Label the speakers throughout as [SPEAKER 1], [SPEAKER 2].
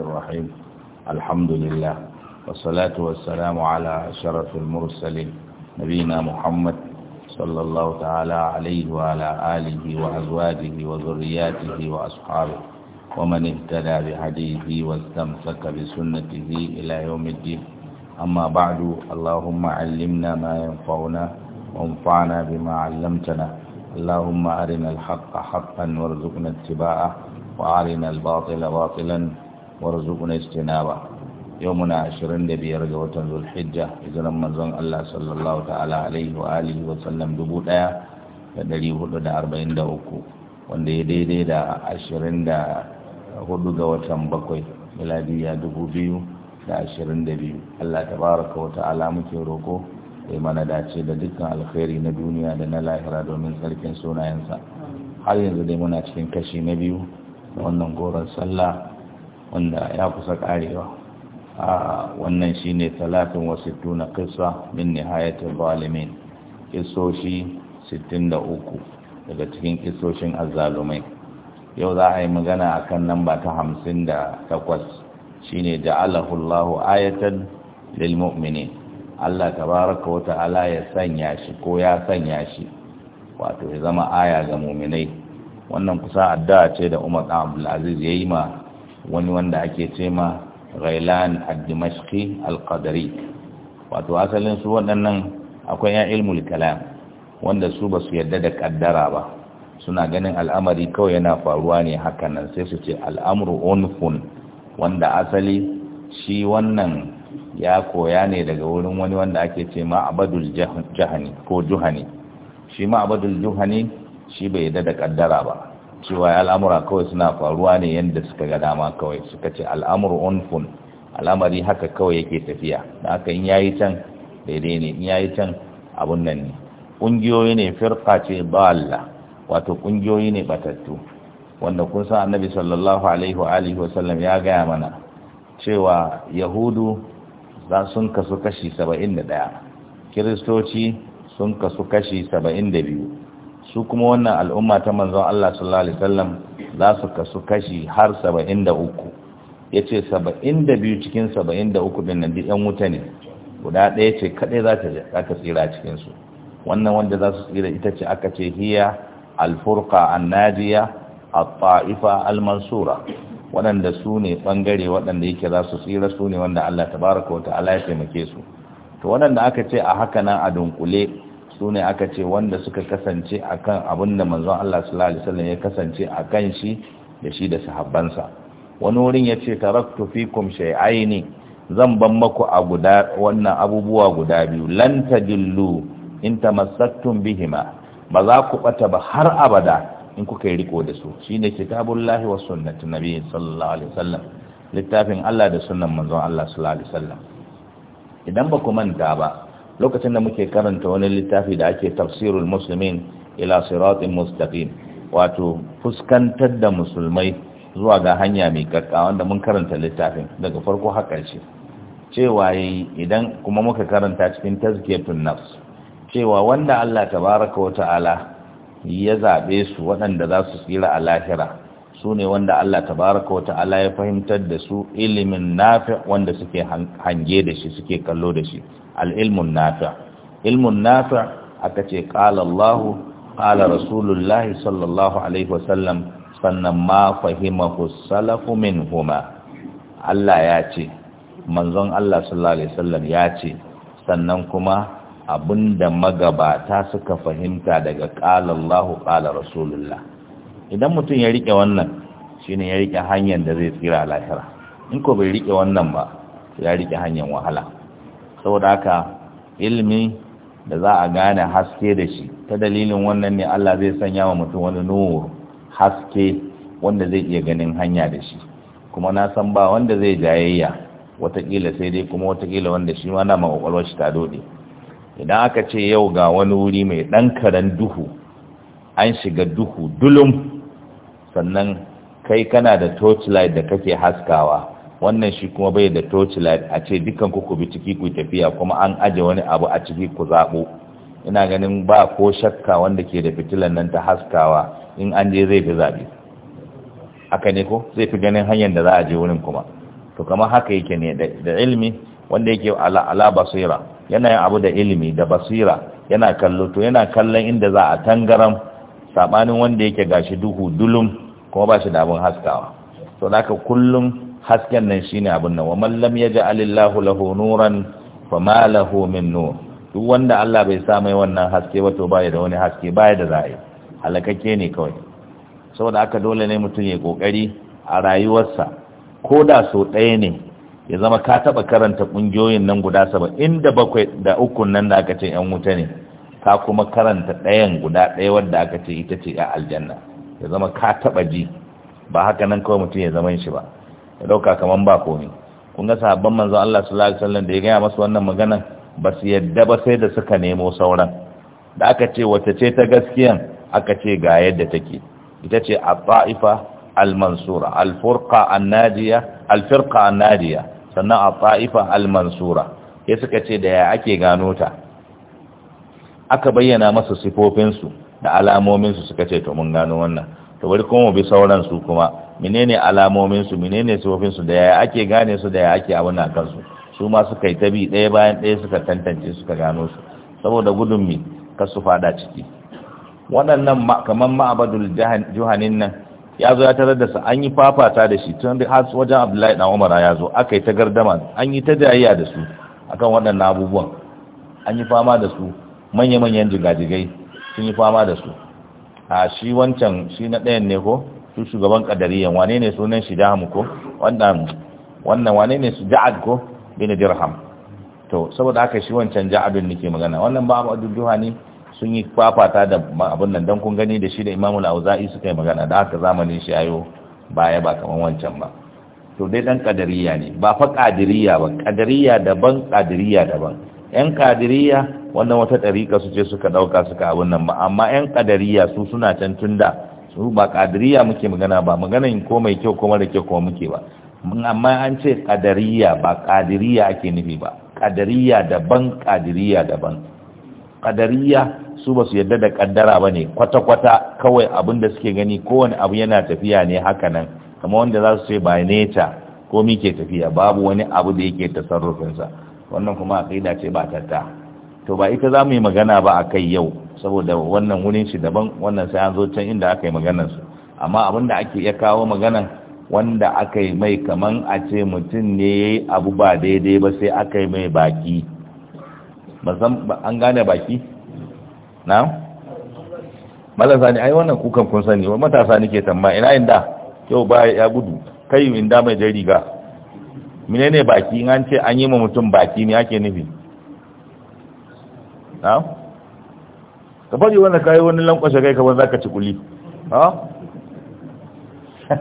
[SPEAKER 1] الرحيم الحمد لله والصلاة والسلام على شرف المرسلين نبينا محمد صلى الله تعالى عليه وعلى آله وأزواجه وذرياته وأصحابه ومن اهتدى بحديثه واستمسك بسنته إلى يوم الدين أما بعد اللهم علمنا ما ينفعنا وانفعنا بما علمتنا اللهم أرنا الحق حقا وارزقنا اتباعه وأرنا الباطل باطلا warzuqna istinaba yau muna 25 ga watan Zulhijja hijiran manzon Allah sallallahu ta'ala alaihi wa alihi wa sallam 1443 wanda ya daidai da 24 ga watan bakwai miladiya 2022 Allah tabaraka wa ta'ala muke roko ya mana dace da dukkan alkhairi na duniya da na lahira domin tsarkin sunayensa har yanzu dai muna cikin kashi na biyu da wannan goron sallah wanda ya kusa karewa a wannan shine talatin wasu tuna kisa min nihayatil balimin kisoshi 63 daga cikin kisoshin azalumai. yau za a yi magana a akan namba ta 58 ne da Allahu ayatan lil mu'minin Allah tabaraka wata ala ya sanya shi ko ya sanya shi wato ya zama aya ga mu'minai wannan kusa addu'a ce da Umar Abdul ya yi ma wani wanda ake ce ma ghailan ad-dimashqi al-qadari wato asalin su waɗannan akwai ya ilmul kalam wanda su basu yadda da kaddara ba suna ganin al'amari kawai yana faruwa ne hakan nan sai su ce al'amru unfun wanda asali shi wannan ya koya ne daga wurin wani wanda ake ce ma abadul jahani ko juhani shi ma abadul juhani shi bai yadda da kaddara ba cewa al'amura kawai suna faruwa ne yadda suka ga dama kawai suka ce al'amuru unfun al'amari haka kawai yake tafiya da haka in yayi can daidai ne in yayi can abun nan ne ƙungiyoyi ne firka ce Allah wato ƙungiyoyi ne batattu wanda kun san annabi sallallahu alaihi wa alihi wa ya gaya mana cewa yahudu za sun kasu kashi 71 kiristoci sun kasu kashi da biyu. su kuma wannan al'umma ta manzon Allah sallallahu alaihi wasallam za su kasu kashi har 73 yace 72 cikin 73 din nan duk yan wuta ne guda ɗaya ce kadai za ta za ta tsira cikin su wannan wanda za su tsira ita ce aka ce hiya al-furqa an-najiya at-ta'ifa al-mansura waɗanda su ne ɓangare waɗanda yake za su tsira su ne wanda Allah tabaraka wa ta'ala ya taimake su to waɗanda aka ce a haka nan a dunkule su ne aka ce wanda suka kasance akan abin da manzon Allah sallallahu alaihi wasallam ya kasance a kan shi da shi da sahabbansa wani wurin ya ce taraktu fikum shay'aini zan ban maku a guda wannan abubuwa guda biyu lan tadillu in tamassaktum bihima ba za ku bata ba har abada in kuka yi riko da su shine kitabullahi was sunnati nabi sallallahu alaihi wasallam littafin Allah da sunnan manzon Allah sallallahu alaihi wasallam idan ba ku manta ba lokacin da muke karanta wani littafi da ake tafsirul muslimin ila siratin mustaqim wato fuskantar da musulmai zuwa ga hanya mai karka wanda mun karanta littafin daga farko har ƙarshe cewa idan kuma muka karanta cikin tazkiyatun nafs cewa wanda Allah tabaraka wa ta'ala ya zaɓe su waɗanda za su tsira a lahira su ne wanda Allah tabaraka wa ta'ala ya fahimtar da su ilimin nafi wanda suke hange da shi suke kallo da shi Al'ilmun ilmun nafi ilmun nafi aka ce qala Allah qala rasulullahi sallallahu alaihi wasallam sannan ma fahimahu salafu minhuma Allah ya ce manzon Allah sallallahu alaihi wasallam ya ce sannan kuma abinda magabata suka fahimta daga qala Allah qala rasulullah idan mutum ya riƙe wannan shi ne ya riƙe hanyar da zai tsira lahira in ko bai riƙe wannan ba ya riƙe hanyar wahala saboda haka ilmi da za a gane haske da shi ta dalilin wannan ne Allah zai sanya wa mutum wani nur haske wanda zai iya ganin hanya da shi kuma na san ba wanda zai jayayya watakila sai dai kuma watakila wanda shi ma na makwakwalwar shi ta dode idan aka ce yau ga wani wuri mai ɗan karen duhu an shiga duhu dulum sannan kai kana da torchlight da kake haskawa wannan shi kuma bai da torchlight a ce dukkan ku bi ciki ku tafiya kuma an aje wani abu a ciki ku zabo ina ganin ba ko shakka wanda ke da fitilan nan ta haskawa in an je zai fi zabe haka ne ko zai fi ganin hanyar da za a je wurin kuma to kamar haka yake ne da ilimi wanda yake ala basira yana yin abu da ilimi da basira yana kallo to yana kallon inda za a tangaram sabanin wanda yake gashi duhu dulum kuma ba shi da abin haskawa to da kullum hasken nan shine abin nan wa mallam ya ji alillahu lahu nuran fama lahu min nur duk wanda Allah bai sa mai wannan haske ba to baya da wani haske baya da zai halakake ne kawai saboda aka dole ne mutum ya kokari a rayuwarsa ko da so ɗaya ne ya zama ka taba karanta kungiyoyin nan guda saba'in da bakwai da ukun nan da aka ce yan wuta ne ka kuma karanta ɗayan guda ɗaya wadda aka ce ita ce a aljanna ya zama ka taba ji ba haka nan kawai mutum ya zama shi ba ya dauka kamar ba komai kun ga sahabban manzon Allah sallallahu alaihi wasallam da ya gaya masu wannan magana? ba su yadda ba sai da suka nemo sauran da aka ce wata ce ta gaskiyan aka ce ga yadda take ita ce at-ta'ifa al-mansura al-furqa an-najiya al-firqa an-najiya sannan at-ta'ifa al-mansura ya suka ce da ya ake gano ta aka bayyana masa sifofinsu da alamominsu suka ce to mun gano wannan to bari kuma bi sauran su kuma menene alamomin su menene sifofin su da yaya ake gane su da yaya ake a a kansu su ma suka yi ta tabi ɗaya bayan ɗaya suka tantance suka gano su saboda gudun mi kar su fada ciki waɗannan kamar ma'abadul juhanin nan ya zo ya tarar da su an yi fafata da shi tun da har wajen abdullahi dan umar ya zo aka yi ta gardama an yi ta jayayya da su akan waɗannan abubuwan an yi fama da su manya-manyan jigajigai sun yi fama da su a shi wancan shi na ɗayan ne ko su shugaban kadariyan wane ne sunan shi ko wannan wannan wane ne su ja'ad ko bin dirham to saboda haka shi wancan ja'adun nake magana wannan ba Abu ne sun yi kwafata da abun nan dan kun gani da shi da imamu auzai suka yi magana da haka zamanin shi ayo baya ba kaman wancan ba to dai dan kadariya ne ba fa kadiriya ba ƙadariya daban kadiriya daban yan kadiriya wannan wata ɗarika su ce suka ɗauka suka abun nan ba amma yan kadariya su suna can tunda su ba kadiriya muke magana ba maganan ko mai kyau ko mara kyau kuma muke ba amma an ce kadariya ba kadiriya ake nufi ba kadariya daban kadiriya daban kadariya su ba su yadda da kaddara ba ne kwata-kwata kawai abin da suke gani kowane abu yana tafiya ne haka nan kama wanda za su ce ba neta ko ke tafiya babu wani abu da yake tasarrufinsa wannan kuma a ce ba tatta to ba ita za mu yi magana ba a kai yau saboda wannan wurin shi daban wannan sai an zo can inda aka yi maganar su amma abin da ake iya kawo maganar wanda aka yi mai kaman a ce mutum ne ya yi abu ba daidai ba sai aka yi mai baki an gane baki na malasa ne ai wannan kukan kun sani matasa ne ke tamba ina inda Kyau ba ya gudu kai inda mai ga riga ne baki an ce an yi ma mutum baki ne ake nufi na ka faɗi wanda ka yi wani lankwashe kai kamar za ka ci kuli ha?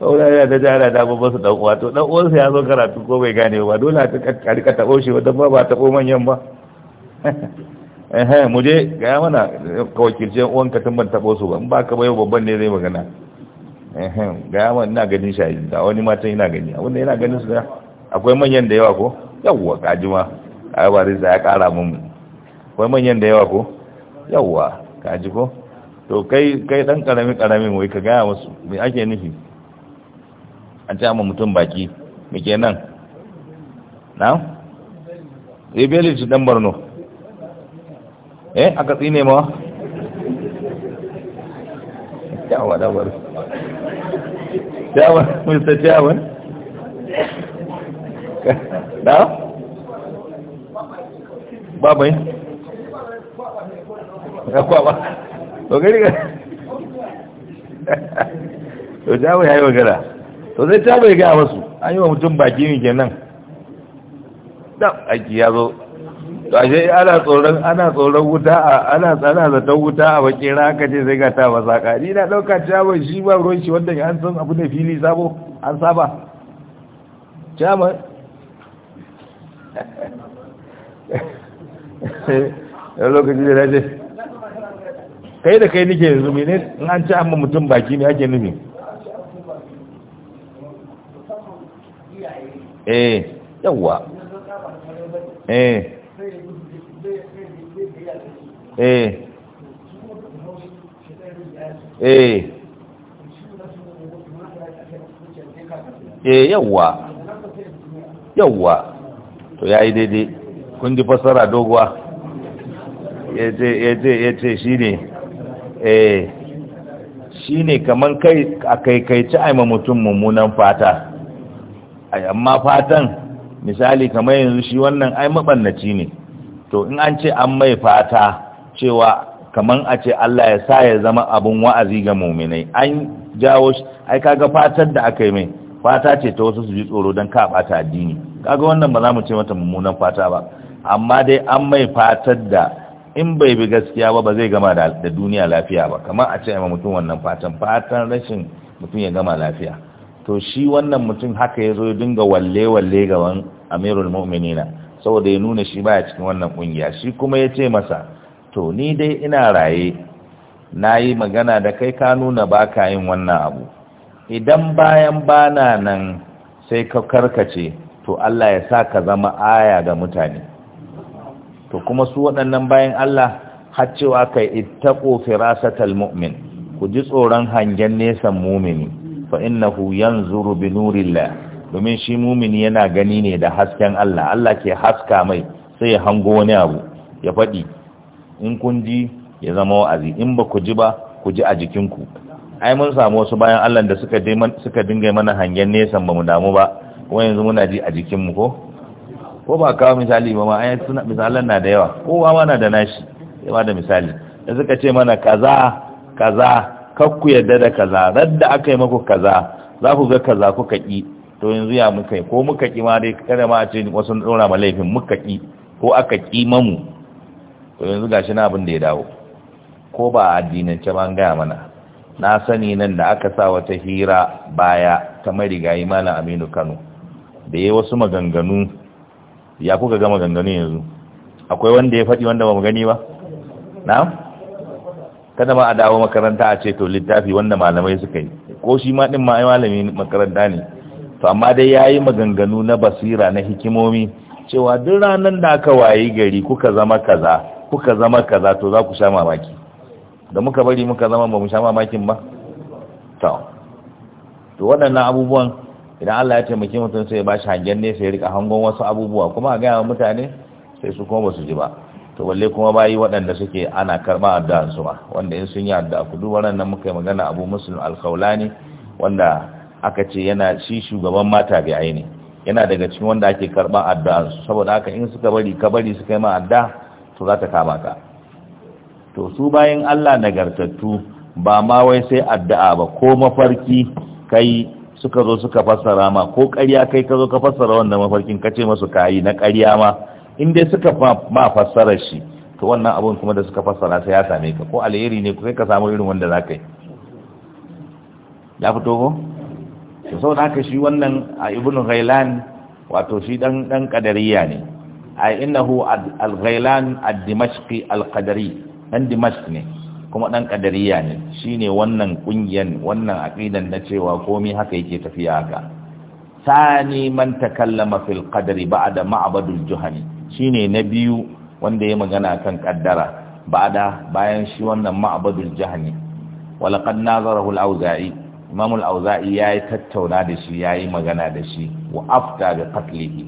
[SPEAKER 1] saboda yana ta jara da babban su dan uwa to dan su ya zo karatu ko bai gane ba dole ka rika tabo shi wata ba ba tabo manyan
[SPEAKER 2] ba
[SPEAKER 1] eh mu je ga mana ka wakilce uwan ka tun ban tabo su ba in ba ka bai babban ne zai magana eh ga mana ina ganin shi da wani mata ina gani abinda yana ganin su da akwai manyan da yawa ko yawwa kajima ai ba zai ya kara mun kwai manyan da yawa ko yawa ka ji ko to kai kai dan karami karami wai ka gaya wasu me ake nufi an ta mu mutum baki me kenan na e eh, bele ji dan barno eh aka tsine ma yawa da bar
[SPEAKER 2] yawa mr ba na babai ya kwaba to gari ga
[SPEAKER 1] to jawo ya yi magana to zai ta bai gaya masu an yi wa mutum baki ne kenan dam aiki ya zo to ashe ana tsoron ana tsoron wuta a ana tsana zaton wuta a bakin haka ce sai ga ta masaka ni na ɗauka ciyaman shi ba ruwan shi wanda an san abu da fili sabo an saba ciyaman
[SPEAKER 2] lokacin da na je.
[SPEAKER 1] kai da kai nike yanzu ne in an ci amma mutum baki ne ake nufi
[SPEAKER 2] eh yawwa eh
[SPEAKER 1] eh eh
[SPEAKER 2] eh yawwa
[SPEAKER 1] yawwa to yi daidai kun ji ya doguwa ya ce shi ne. eh shi ne kamar kai a kaikaici aima mutum mummunan fata amma fatan misali kamar yanzu shi wannan ai mabannaci ne to in an ce an mai fata cewa kamar a ce Allah ya sa ya zama abun wa'azi ga muminai an jawo shi ai kaga fatan da aka yi mai fata ce ta wasu su ji tsoro don ka bata addini kaga wannan ba za mu ce mata mummunan fata ba amma dai an mai fatar da in bai bi gaskiya ba ba zai gama da duniya lafiya ba kamar a ce ma mutum wannan fatan fatan rashin mutum ya gama lafiya to shi wannan mutum haka ya zo ya dinga walle walle ga wan amirul mu'minina saboda ya nuna shi baya cikin wannan kungiya shi kuma ya ce masa to ni dai ina raye na yi magana da kai ka nuna ba ka yin wannan abu idan bayan bana nan sai ka karkace to Allah ya sa ka zama aya ga mutane to kuma su waɗannan bayan Allah har cewa kai ittaqu firasatal mu'min ku ji tsoron hangen nesan mumini fa innahu yanzuru bi nurillah domin shi mumini yana gani ne da hasken Allah Allah ke haska mai sai ya hango wani abu ya faɗi in kun ji ya zama wa'azi in ba ku ji ba ku ji a jikinku ai mun samu wasu bayan Allah da suka dinga mana hangen nesan ba mu damu ba kuma yanzu muna ji a jikinmu ko ko ba kawo misali ba ma ai suna misalan na da yawa kowa ma na da nashi ya ba da misali da suka ce mana kaza kaza kakku yadda da kaza radda aka yi maku kaza za ku ga kaza kuka ki to yanzu ya muka yi ko muka ki ma dai kada ma a ce wasu ɗora ma laifin muka ki ko aka ki mamu to yanzu gashi na abin da ya dawo ko ba a addinance ba gaya mana na sani nan da aka sa wata hira baya ta marigayi malam aminu kano da ya wasu maganganu ya kuka gama gangane yanzu akwai wanda ya faɗi wanda ba mu gani ba na kada ma a dawo makaranta a ce to littafi wanda malamai suka yi ko shi ma ɗin malami makaranta ne to amma dai ya yi maganganu na basira na hikimomi cewa duk ranar da aka wayi gari kuka zama kaza kuka zama kaza to za ku sha mamaki da muka bari muka zama ba mu sha mamakin ba to waɗannan abubuwan idan Allah ya taimaki mutum sai ya bashi hangen nesa ya rika hangon wasu abubuwa kuma a gaya mutane sai su koma su ji ba to balle kuma bayi waɗanda suke ana karɓa addu'an su ba wanda in sun yi addu'a ku duk nan muka yi magana Abu Muslim Al-Khawlani wanda aka ce yana shi shugaban mata bi aini yana daga cikin wanda ake karɓa addu'an su saboda haka in suka bari ka bari suka yi ma adda to za ta kama ka to su bayan Allah nagartattu ba ma wai sai addu'a ba ko mafarki kai suka zo suka fassara ma ko ƙarya kai ka zo ka fassara wannan mafarkin ka ce masu kayi na ƙarya ma in dai suka ma fassara shi to wannan abun kuma da suka fassara sai ya same ka ko alheri ne kai ka samu irin wanda za ka yi ya fito ko to saboda haka shi wannan a ibn ghailan wato shi dan dan qadariya ne a innahu al-ghailan ad-dimashqi al-qadari dan dimashq ne kuma ɗan ƙadariya ne shine wannan ƙungiyar wannan aƙidan na cewa komai haka yake tafiya haka sani man takallama fil a da maabadul juhani shine na biyu wanda ya magana kan ƙaddara da bayan shi wannan maabadul juhani Walaƙad nazarahu al-auza'i imam al-auza'i yayi tattauna da shi ya yi magana da shi wa afta bi qatlihi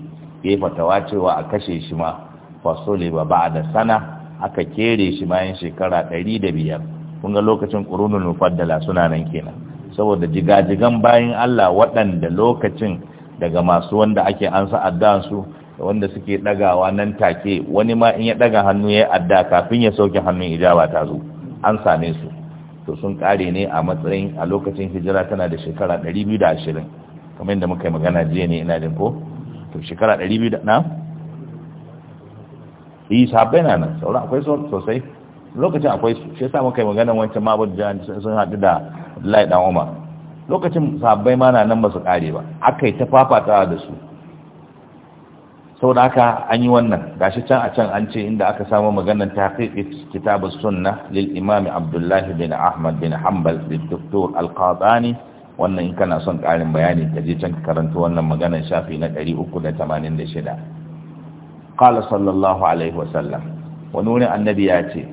[SPEAKER 1] yayi fatawa cewa a kashe shi ma fasole ba da sana aka kere shi bayan shekara ɗari da biyar kun lokacin ƙurunin nufaddala suna nan kenan saboda jigajigan bayan Allah waɗanda lokacin daga masu wanda ake ansa addansu da wanda suke ɗagawa nan take wani ma in ya ɗaga hannu ya adda kafin ya sauke hannun ijaba ta zo an same su to sun ƙare ne a matsayin a lokacin hijira tana da shekara 220 kamar yadda muka yi magana jiya ne ina jin ko to shekara da na yi sahabbai na nan sauran akwai sosai lokacin akwai su shi yasa muka yi maganin wancan ma abu sun haɗu da lai ɗan Umar lokacin sahabbai ma na nan ba su kare ba aka yi ta fafatawa da su da aka an yi wannan Ga shi can a can an ce inda aka samu maganar tahqiqit kitab sunna lil imami Abdullahi bin Ahmad bin Hanbal bin Dr. al wannan in kana son ƙarin bayani ka je can karanta wannan maganar shafi na 386 قال صلى الله عليه wani wurin annabi ya ce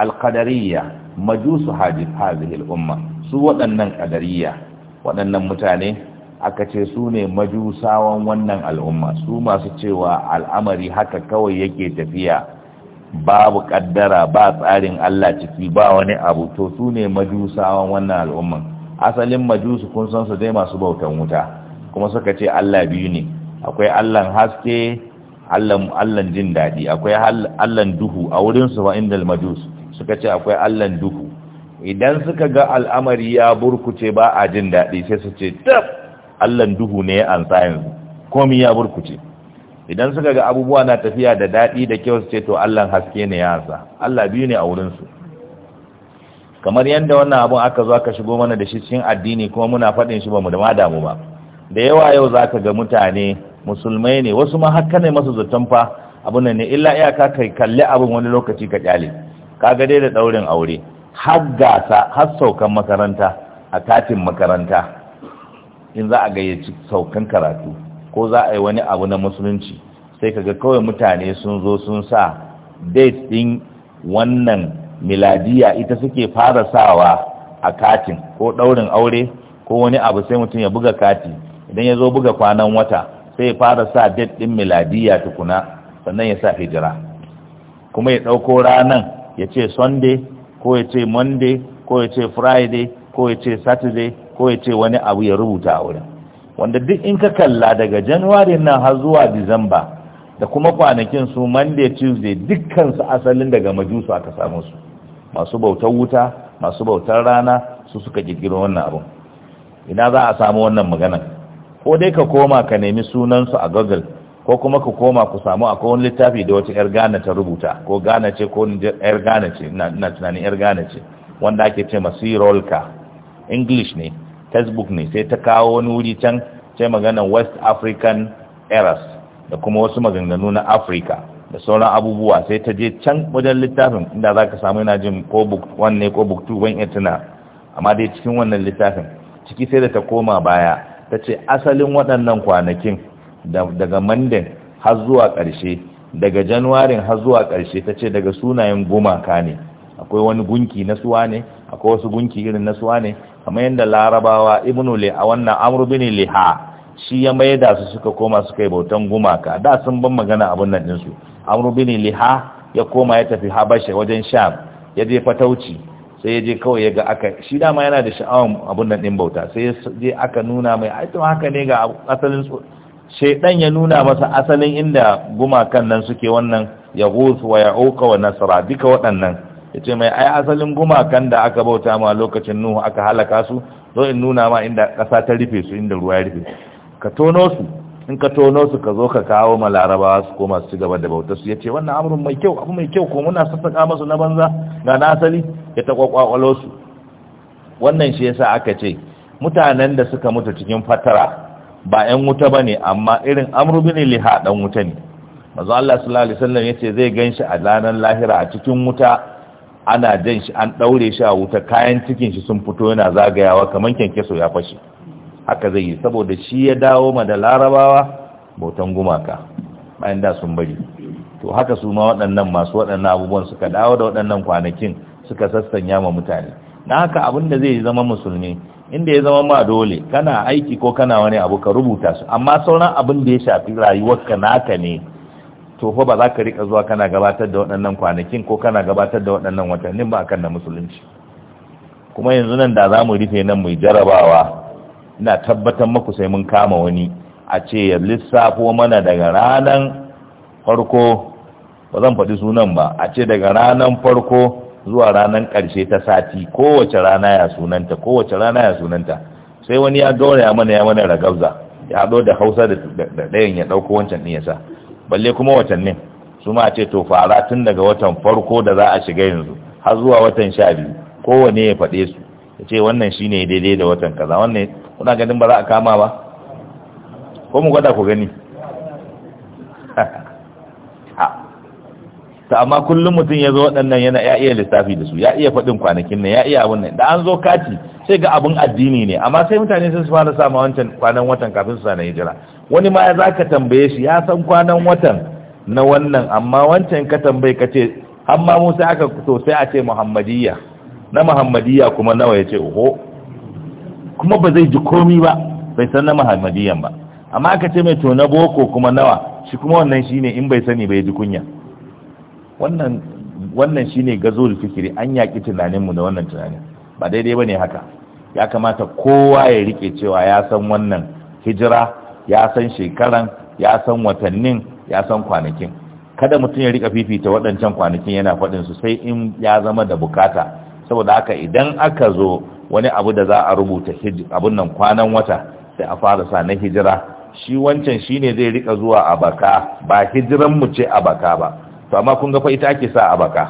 [SPEAKER 1] مجوس majusu hadhihi al-umma su waɗannan qadariyya waɗannan mutane aka ce su ne majusawan wannan al'umma su masu cewa al'amari haka kawai yake tafiya babu kaddara ba tsarin Allah ciki ba wani abu to su ne majusawan wannan al'umman asalin majusu kun san su dai masu bautan wuta kuma suka ce Allah biyu ne akwai Allahn haske allan allan jin dadi akwai allan duhu a wurin su fa indal majus suka ce akwai allan duhu idan suka ga al'amari ya burkuce ba a jin dadi sai su ce tab allan duhu ne an sa yanzu komai ya burkuce idan suka ga abubuwa na tafiya da dadi da kyau su ce to allan haske ne ya sa Allah biyu ne a wurin su kamar yadda wannan abun aka zo aka shigo mana da shi cikin addini kuma muna faɗin shi ba mu da ma ba da yawa yau zaka ga mutane musulmai ne wasu ma haka ne masu zaton fa abin ne illa iyaka kai kalli abin wani lokaci ka kyale kaga dai da daurin aure har gasa har saukan makaranta a katin makaranta in za a gayyaci saukan karatu ko za a yi wani abu na musulunci sai kaga kawai mutane sun zo sun sa date din wannan miladiya ita suke fara sawa a katin ko daurin aure ko wani abu sai mutum ya buga kati idan ya zo buga kwanan wata sai ya fara sa date din miladiya tukuna sannan ya sa hijira kuma ya ɗauko ranan ya ce sunday ko ya ce monday ko ya ce friday ko ya ce saturday ko ya ce wani abu ya rubuta a wurin wanda duk in ka kalla daga January nan har zuwa December, da kuma kwanakin su monday tuesday dukkansu asalin daga majusu aka samu su masu bautar wuta masu bautar rana su suka kirkiro wannan abu ina za a samu wannan maganar. ko dai ka koma ka nemi sunansu a google ko kuma ka koma ku samu a kowane littafi da wata 'yar gana ta rubuta ko gana ce ko 'yar gana ce na tunanin 'yar gana ce wanda ake ce masu rolka english ne textbook ne sai ta kawo wani wuri can ce maganan west african eras da kuma wasu maganganu na africa da sauran abubuwa sai ta je can wajen littafin inda za ka samu yana jin ko book one ne ko book two ban iya tuna amma dai cikin wannan littafin ciki sai da ta koma baya ta ce asalin waɗannan kwanakin daga mandin har zuwa ƙarshe daga januwarin har zuwa ƙarshe ta ce daga sunayen gumaka ne akwai wani gunki na suwa ne akwai wasu gunki irin na suwa ne kamar yadda larabawa ibnu le a wannan amru bin liha shi ya mai da su suka koma suka yi bautan gumaka da sun ban magana abin nan ɗinsu amru bin liha ya koma ya tafi habasha wajen sham ya je fatauci sai ya je kawai ya ga aka shi dama yana da sha'awar abun nan ɗin bauta sai ya je aka nuna mai aito haka ne ga asalin shaidan ya nuna masa asalin inda gumakan nan suke wannan ya wa ya wa nasara duka waɗannan ya ce mai ai asalin gumakan da aka bauta ma lokacin nuhu aka halaka su zo in nuna ma inda ƙasa ta rufe su inda ruwa ya rufe ka tono su in ka tono su ka zo ka kawo ma larabawa su koma su ci gaba da bautar su ya ce wannan amurin mai kyau abu mai kyau ko muna sassaƙa masu na banza ga na asali ya ta kwakwalo wannan shi yasa aka ce mutanen da suka mutu cikin fatara ba 'yan wuta ba ne amma irin amurbin liha ɗan wuta ne mazu Allah sallallahu Alaihi wasallam ya ce zai gan shi a ranar lahira a cikin wuta ana jan shi an ɗaure shi a wuta kayan cikin shi sun fito yana zagayawa kamar kyankyaso ya fashe haka zai yi saboda shi ya dawo ma da larabawa bautan gumaka bayan da sun bari to haka su ma waɗannan masu waɗannan abubuwan suka dawo da waɗannan kwanakin suka sassanya ma mutane na haka abin da zai zama musulmi inda ya zama ma dole kana aiki ko kana wani abu ka rubuta su amma sauran abin da ya shafi rayuwar rayuwarka naka ne to fa ba za ka rika zuwa kana gabatar da waɗannan kwanakin ko kana gabatar da waɗannan watannin ba akan da musulunci kuma yanzu nan da za mu rufe nan mu jarabawa ina tabbatar maku sai mun kama wani a ce ya lissafo mana daga ranan farko ba zan faɗi sunan ba a ce daga ranan farko zuwa ranar ƙarshe ta sati kowace rana ya sunanta kowace rana ya sunanta sai wani ya ya mana ya mana ragabza ya zo da hausa da ɗayan ya ɗauko wancan ɗin ya sa balle kuma watannin su ma ce to fara tun daga watan farko da za a shiga yanzu har zuwa watan sha biyu kowane ya faɗe su ya ce wannan shine daidai da watan kaza wannan kuna ganin ba za a kama ba ko mu gwada ku gani to amma kullum mutum ya zo waɗannan yana ya iya lissafi da su ya iya faɗin kwanakin nan ya iya abun nan da an zo kati sai ga abun addini ne amma sai mutane sun su fara sama wancan kwanan watan kafin su sana hijira wani ma ya za ka tambaye shi ya san kwanan watan na wannan amma wancan ka tambaye ka ce har ma musa aka to sai a ce muhammadiyya na muhammadiyya kuma nawa ya ce oho kuma ba zai ji komi ba bai san na muhammadiyyan ba amma aka ce mai to na boko kuma nawa shi kuma wannan shine in bai sani bai ji kunya wannan wannan shine gazo da fikiri an yaƙi tunaninmu da wannan tunanin ba daidai ba ne haka ya kamata kowa ya rike cewa ya san wannan hijira ya san shekaran ya san watannin ya san kwanakin kada mutum ya rika fifita waɗancan kwanakin yana faɗin su sai in ya zama da bukata saboda haka idan aka zo wani abu da za a rubuta abun nan kwanan wata sai a fara sa na hijira shi wancan shine zai rika zuwa a baka ba hijiran mu ce a baka ba to amma kun ga fa ita ake sa a baka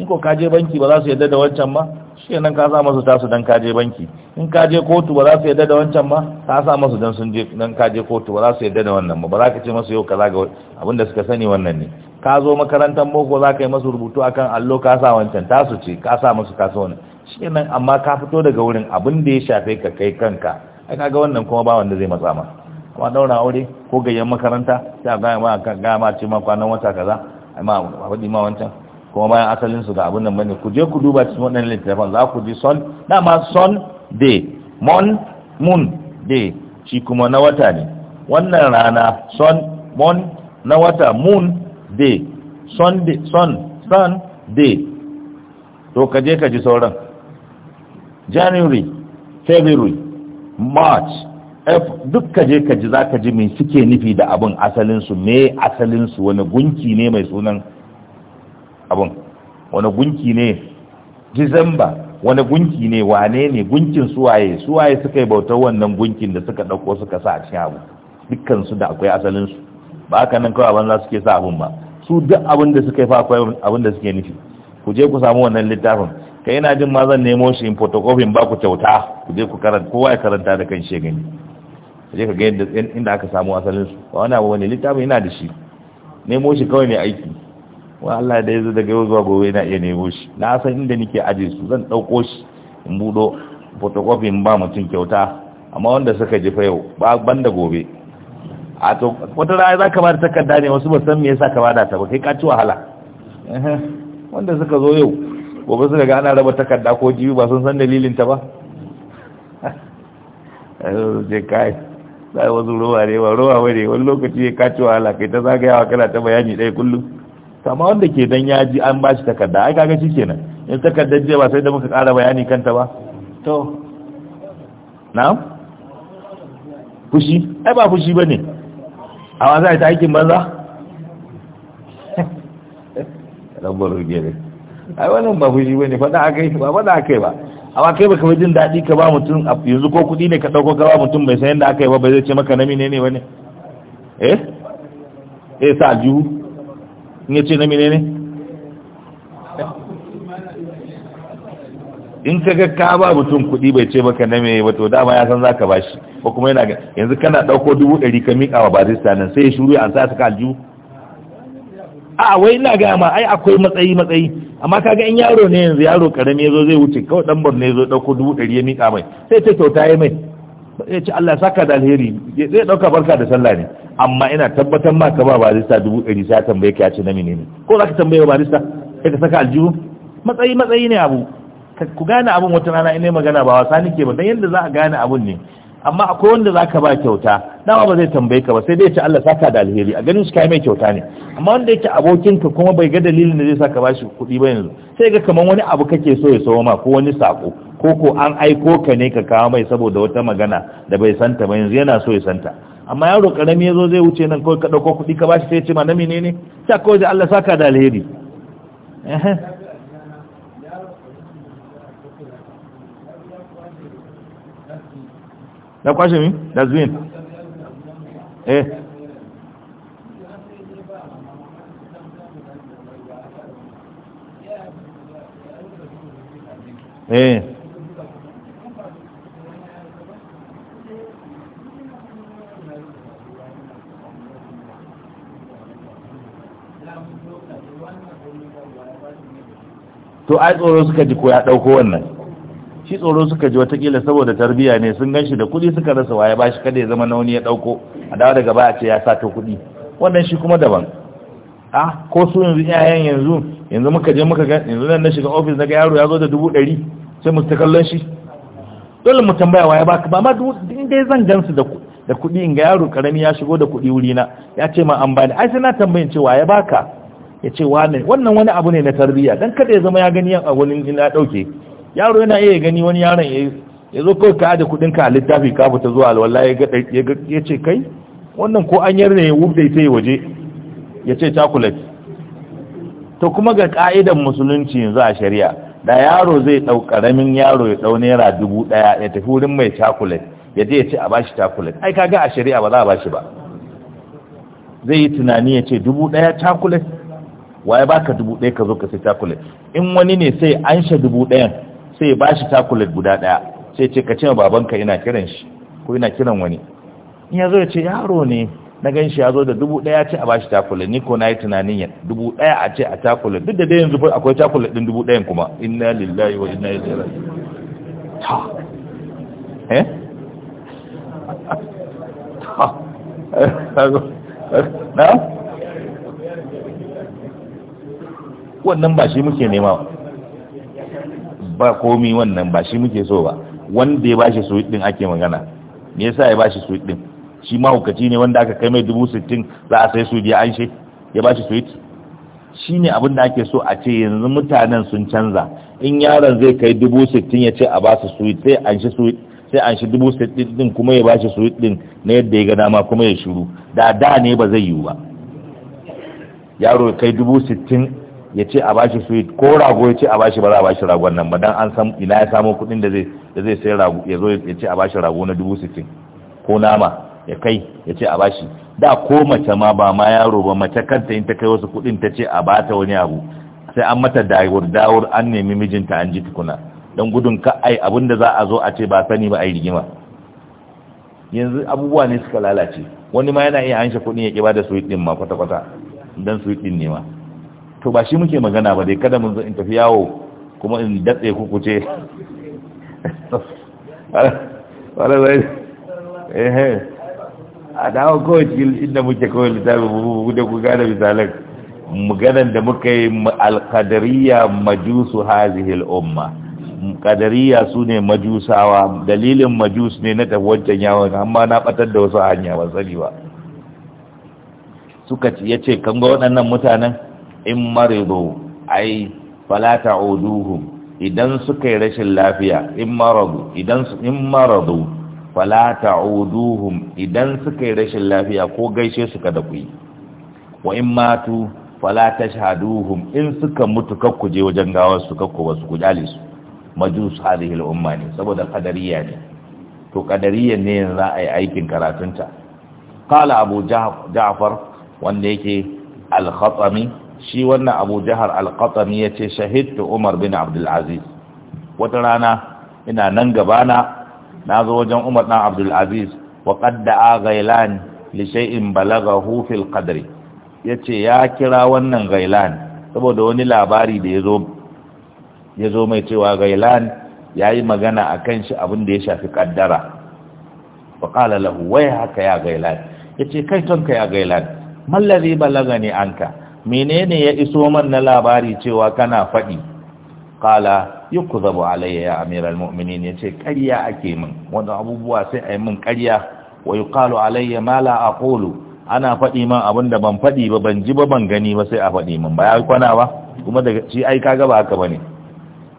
[SPEAKER 1] in ko ka je banki ba za su yadda da wancan ba shi nan ka sa masu tasu dan ka je banki in ka je kotu ba za su yadda da wancan ba ka sa masu dan sun je dan ka je kotu ba za su yadda da wannan ba ba za ka ce masu yau kaza ga abinda suka sani wannan ne ka zo makarantar boko za ka yi masu rubutu akan allo ka sa wancan tasu ce ka sa masu kasu sa wannan shi nan amma ka fito daga wurin abin da ya shafe ka kai kanka ai kaga wannan kuma ba wanda zai matsa ma kuma daura aure ko gayyan makaranta sai a gaya ma gaya ma ce ma kwanan wata kaza a ma a faɗi ma wancan kuma bayan asalin su ga abin nan bane ku je ku duba cikin waɗannan littafin za ku ji sol ma sol de mon mun de shi kuma na wata ne wannan rana son mon na wata mun de sol de sol sol de. to ka je ka ji sauran january february march duk ka je ka ji za ka ji mai suke nufi da abun asalinsu me asalinsu wani gunki ne mai sunan abun wani gunki ne disamba wani gunki ne wane ne gunkin suwaye suwaye suka yi bautar wannan gunkin da suka ɗauko suka sa a cikin abu dukkansu da akwai asalinsu ba haka nan kawai banza suke sa abun ba su duk abin da suka yi fa akwai abin da suke nufi ku je ku samu wannan littafin kai na jin ma zan nemo shi in photocopy ba ku kyauta ku je ku karanta kowa ya karanta da kan shi gani je ka ga inda aka samu asalin su ba wani abu wani littafin yana da shi nemo shi kawai ne aiki wa Allah da yazo daga yau zuwa gobe yana iya nemo shi na san inda nake aje su zan dauko shi in budo photocopy in ba mutum kyauta amma wanda suka jefa yau ba banda gobe a to wata rana za ka ba da takarda ne wasu ba san me yasa ka ba da ta ba kai ka ci wahala wanda suka zo yau gobe suka ga ana raba takarda ko jibi ba sun san dalilin ta ba je kai za a wasu rowa ne ba rowa wane wani lokaci ya kaci wahala kai ta wa kana ta bayani ɗaya kullum kama wanda ke dan yaji an bashi takarda ai kaga shi kenan in takardar jiya ba sai da muka ƙara bayani kanta ba to na'am fushi ai ba fushi bane a wa za a ta aikin banza lambar rubiyar ai wannan ba fushi bane faɗa a kai ba faɗa a kai ba amma kai baka jin daɗi ka ba mutum yanzu ko kuɗi ne ka ɗauko ka ba mutum bai san yadda aka yi ba bai zai ce maka nami ne ne wani eh eh sa aljihu in ya ce nami ne ne in ka ga ka ba mutum kuɗi bai ce maka nami ba to dama ya san zaka ba shi ko kuma yana yanzu kana ɗauko dubu ɗari ka miƙa wa ba zai sanin sai ya shuru ya an sa ka aljihu a wai ina ga ma ai akwai matsayi matsayi amma kaga in yaro ne yanzu yaro karami yazo zai wuce kawai dan borno yazo dauko dubu ɗari ya mika mai sai ta tauta ya mai ya ce Allah saka da alheri zai dauka barka da sallah ne amma ina tabbatar ma ka ba barista dubu ɗari sai tambaye ka ya ce na ne. ko za ka tambaye barista sai ka saka aljihu matsayi matsayi ne abu ku gane abun wata rana ina magana ba wasa nake ba dan yadda za a gane abun ne amma akwai wanda zaka ba kyauta dama ba zai tambaye ka ba sai dai ce Allah saka da alheri a ganin su kai mai kyauta ne amma wanda yake abokinka kuma bai ga dalilin da zai saka shi kuɗi ba yanzu sai ga kaman wani abu kake so ya sawo ko wani sako
[SPEAKER 2] ko ko an aiko ka
[SPEAKER 1] ne ka kawo mai saboda wata magana da bai santa ba yanzu yana so ya santa amma yaro karami zo zai wuce nan kawai ka dauko kuɗi ka shi sai ya ce ma na menene sai kawai da Allah saka da alheri na kwashe das
[SPEAKER 2] dasbin é é
[SPEAKER 1] to ai tsoro suka ji ko ya ɗauko wannan shi tsoro suka ji watakila saboda tarbiya ne sun ganshi da kuɗi suka rasa waye ba shi kada ya zama nauni ya ɗauko a dawo daga baya ce ya sato kuɗi wannan shi kuma daban a ko su yanzu iyayen yanzu yanzu muka je muka ga yanzu nan na shiga ofis na ga yaro ya zo da dubu ɗari sai mu ta kallon shi dole mu tambaya waye ba ba ma in dai zan gansu da da kuɗi in ga yaro karami ya shigo da kuɗi wuri na ya ce ma an bani ai sai na tambayin ce waye baka ya ce wane wannan wani abu ne na tarbiyya dan kada ya zama ya gani yan a wani ina dauke yaro yana iya gani wani yaron ya zo kawai ka ajiye kudin ka a littafi ka fita zuwa alwala ya ce kai wannan ko an yarda ya wubda ita ya waje ya ce chocolate to kuma ga ka'idan musulunci yanzu a shari'a da yaro zai dau karamin yaro ya ɗau naira dubu ɗaya ya tafi wurin mai cakulet ya je ya ce a bashi chocolate ai kaga a shari'a ba za a bashi ba zai yi tunani ya ce dubu ɗaya chocolate waye baka dubu ɗaya ka zo ka sai chocolate in wani ne sai an sha dubu ɗayan sai ba bashi takulat guda daya sai ce ka ce babanka ina kiran shi ko ina kiran wani in ya zo ya ce yaro ne na gan shi ya zo da dubu daya ce a bashi takulat ni ko na yi tunanin ya dubu daya a ce a takulat duk da dai yanzu akwai takulat din dubu dayan kuma inna lillahi wa inna ilaihi raji'un eh na wannan ba shi muke nema ba komi wannan ba shi muke so ba wanda ya bashi suwit din ake magana me yasa ya bashi suwit din shi mahaukaci ne wanda aka kai mai dubu sittin za a sai su biya an ya bashi suwit shi ne abin da ake so a ce yanzu mutanen sun canza in yaron zai kai dubu sittin ya ce a ba su suwit sai an shi suwit sai an shi dubu sittin din kuma ya bashi suwit din na yadda ya ga dama kuma ya shiru da da ne ba zai yiwu ba yaro kai dubu sittin ya ce a bashi ko rago ya ce a bashi ba za a bashi ragon nan ba dan an san ina ya samo kudin da zai da zai sai rago ya zo ya ce a bashi rago na dubu sitin ko nama ya kai ya ce a bashi da ko mace ma ba ma yaro ba mace kanta in ta kai wasu kudin ta ce a bata wani abu sai an mata dawur dawur an nemi mijinta an ji tukuna dan gudun ka ai abinda za a zo a ce ba sani ba ai rigima yanzu abubuwa ne suka lalace wani ma yana iya hanshe kudin ya kiba da sweet din ma kwata-kwata don sweet din ne ma to ba shi muke magana ba dai kada mun zo in tafi yawo kuma in datse kukuce wala zai eh, eh a dawo kawai cikin inda muke kawai littafi ku da ku gane misalan maganan da muka yi alkadariya majusu hazihil umma kadariya su ne majusawa dalilin majus ne na tafi wancan yawon amma na batar da wasu hanya ba sani ba suka ya ce kan ga waɗannan mutanen in maridu ai fala ta'uduhum idan suka rashin lafiya in maradu idan in maradu fala ta'uduhum idan suka rashin lafiya ko gaishe su da ku wa in matu fala tashhaduhum in suka mutu kakku je wajen gawar su kakku ba su kujali su majus hadhihi al-umma ne saboda qadariyya ne to qadariyya ne yanzu za a yi aikin karatunta qala abu ja'far wanda yake al shi wannan abu jihar alƙatami ya ce shahidtu umar bin abdulaziz wata rana ina nan gabana na zo wajen umar ɗan abdulaziz wa ƙadda a gailan lishe'in balaga hufil ƙadari ya ce ya kira wannan gailan saboda wani labari da ya zo mai cewa gailan ya yi magana a kan shi abin da ya shafi kaddara wa ƙala lahu wai haka ya gailan ya ce kai tonka ya gailan mallazi balaga ne anka menene ya iso man na labari cewa kana faɗi Ƙala yi ku zabo alayya ya amiral mu'minin ya ce ƙarya ake min wanda abubuwa sai a yi min ƙarya wa alayya mala a kolu ana faɗi man abin da ban faɗi ba ban ji ba ban gani ba sai a faɗi man ba ya kwana ba kuma daga ci ai kaga ba haka ba ne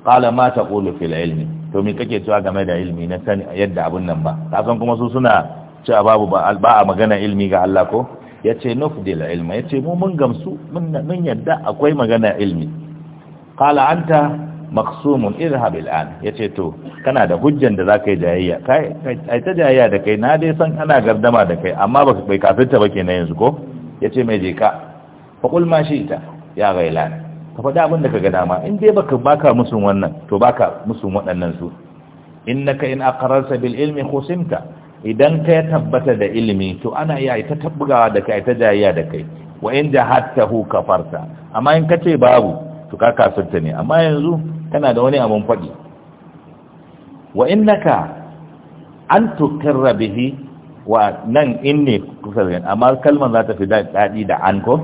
[SPEAKER 1] kala ma ta kolu fil ilmi to me kake cewa game da ilmi na sani yadda abin nan ba kasan kuma su suna cewa babu ba a magana ilmi ga Allah ko ya ce dila ilma ya ce mu mun gamsu mun yadda akwai magana ilmi kala ta maksumun irhab al'an ya ce to kana da hujjan da za ka yi jayayya kai ta jayayya da kai na dai san ana gardama da kai amma ba kafin ta ba na yanzu ko ya ce mai je ka faƙul ma shi ita ya gailan ka faɗa abin da ka ga dama in dai baka baka musun wannan to baka musun waɗannan su In innaka in aqrarta bil ilmi khusimta idan ka ya tabbata da ilimi to ana iya ita tabbugawa da kai ta jayayya da kai wa in hu kafarta amma in ka ce babu to ka kafirta ne amma yanzu kana da wani abun faɗi wa innaka an tukarra bihi wa nan in ne kusa da amma kalmar za ta fi daɗi da an ko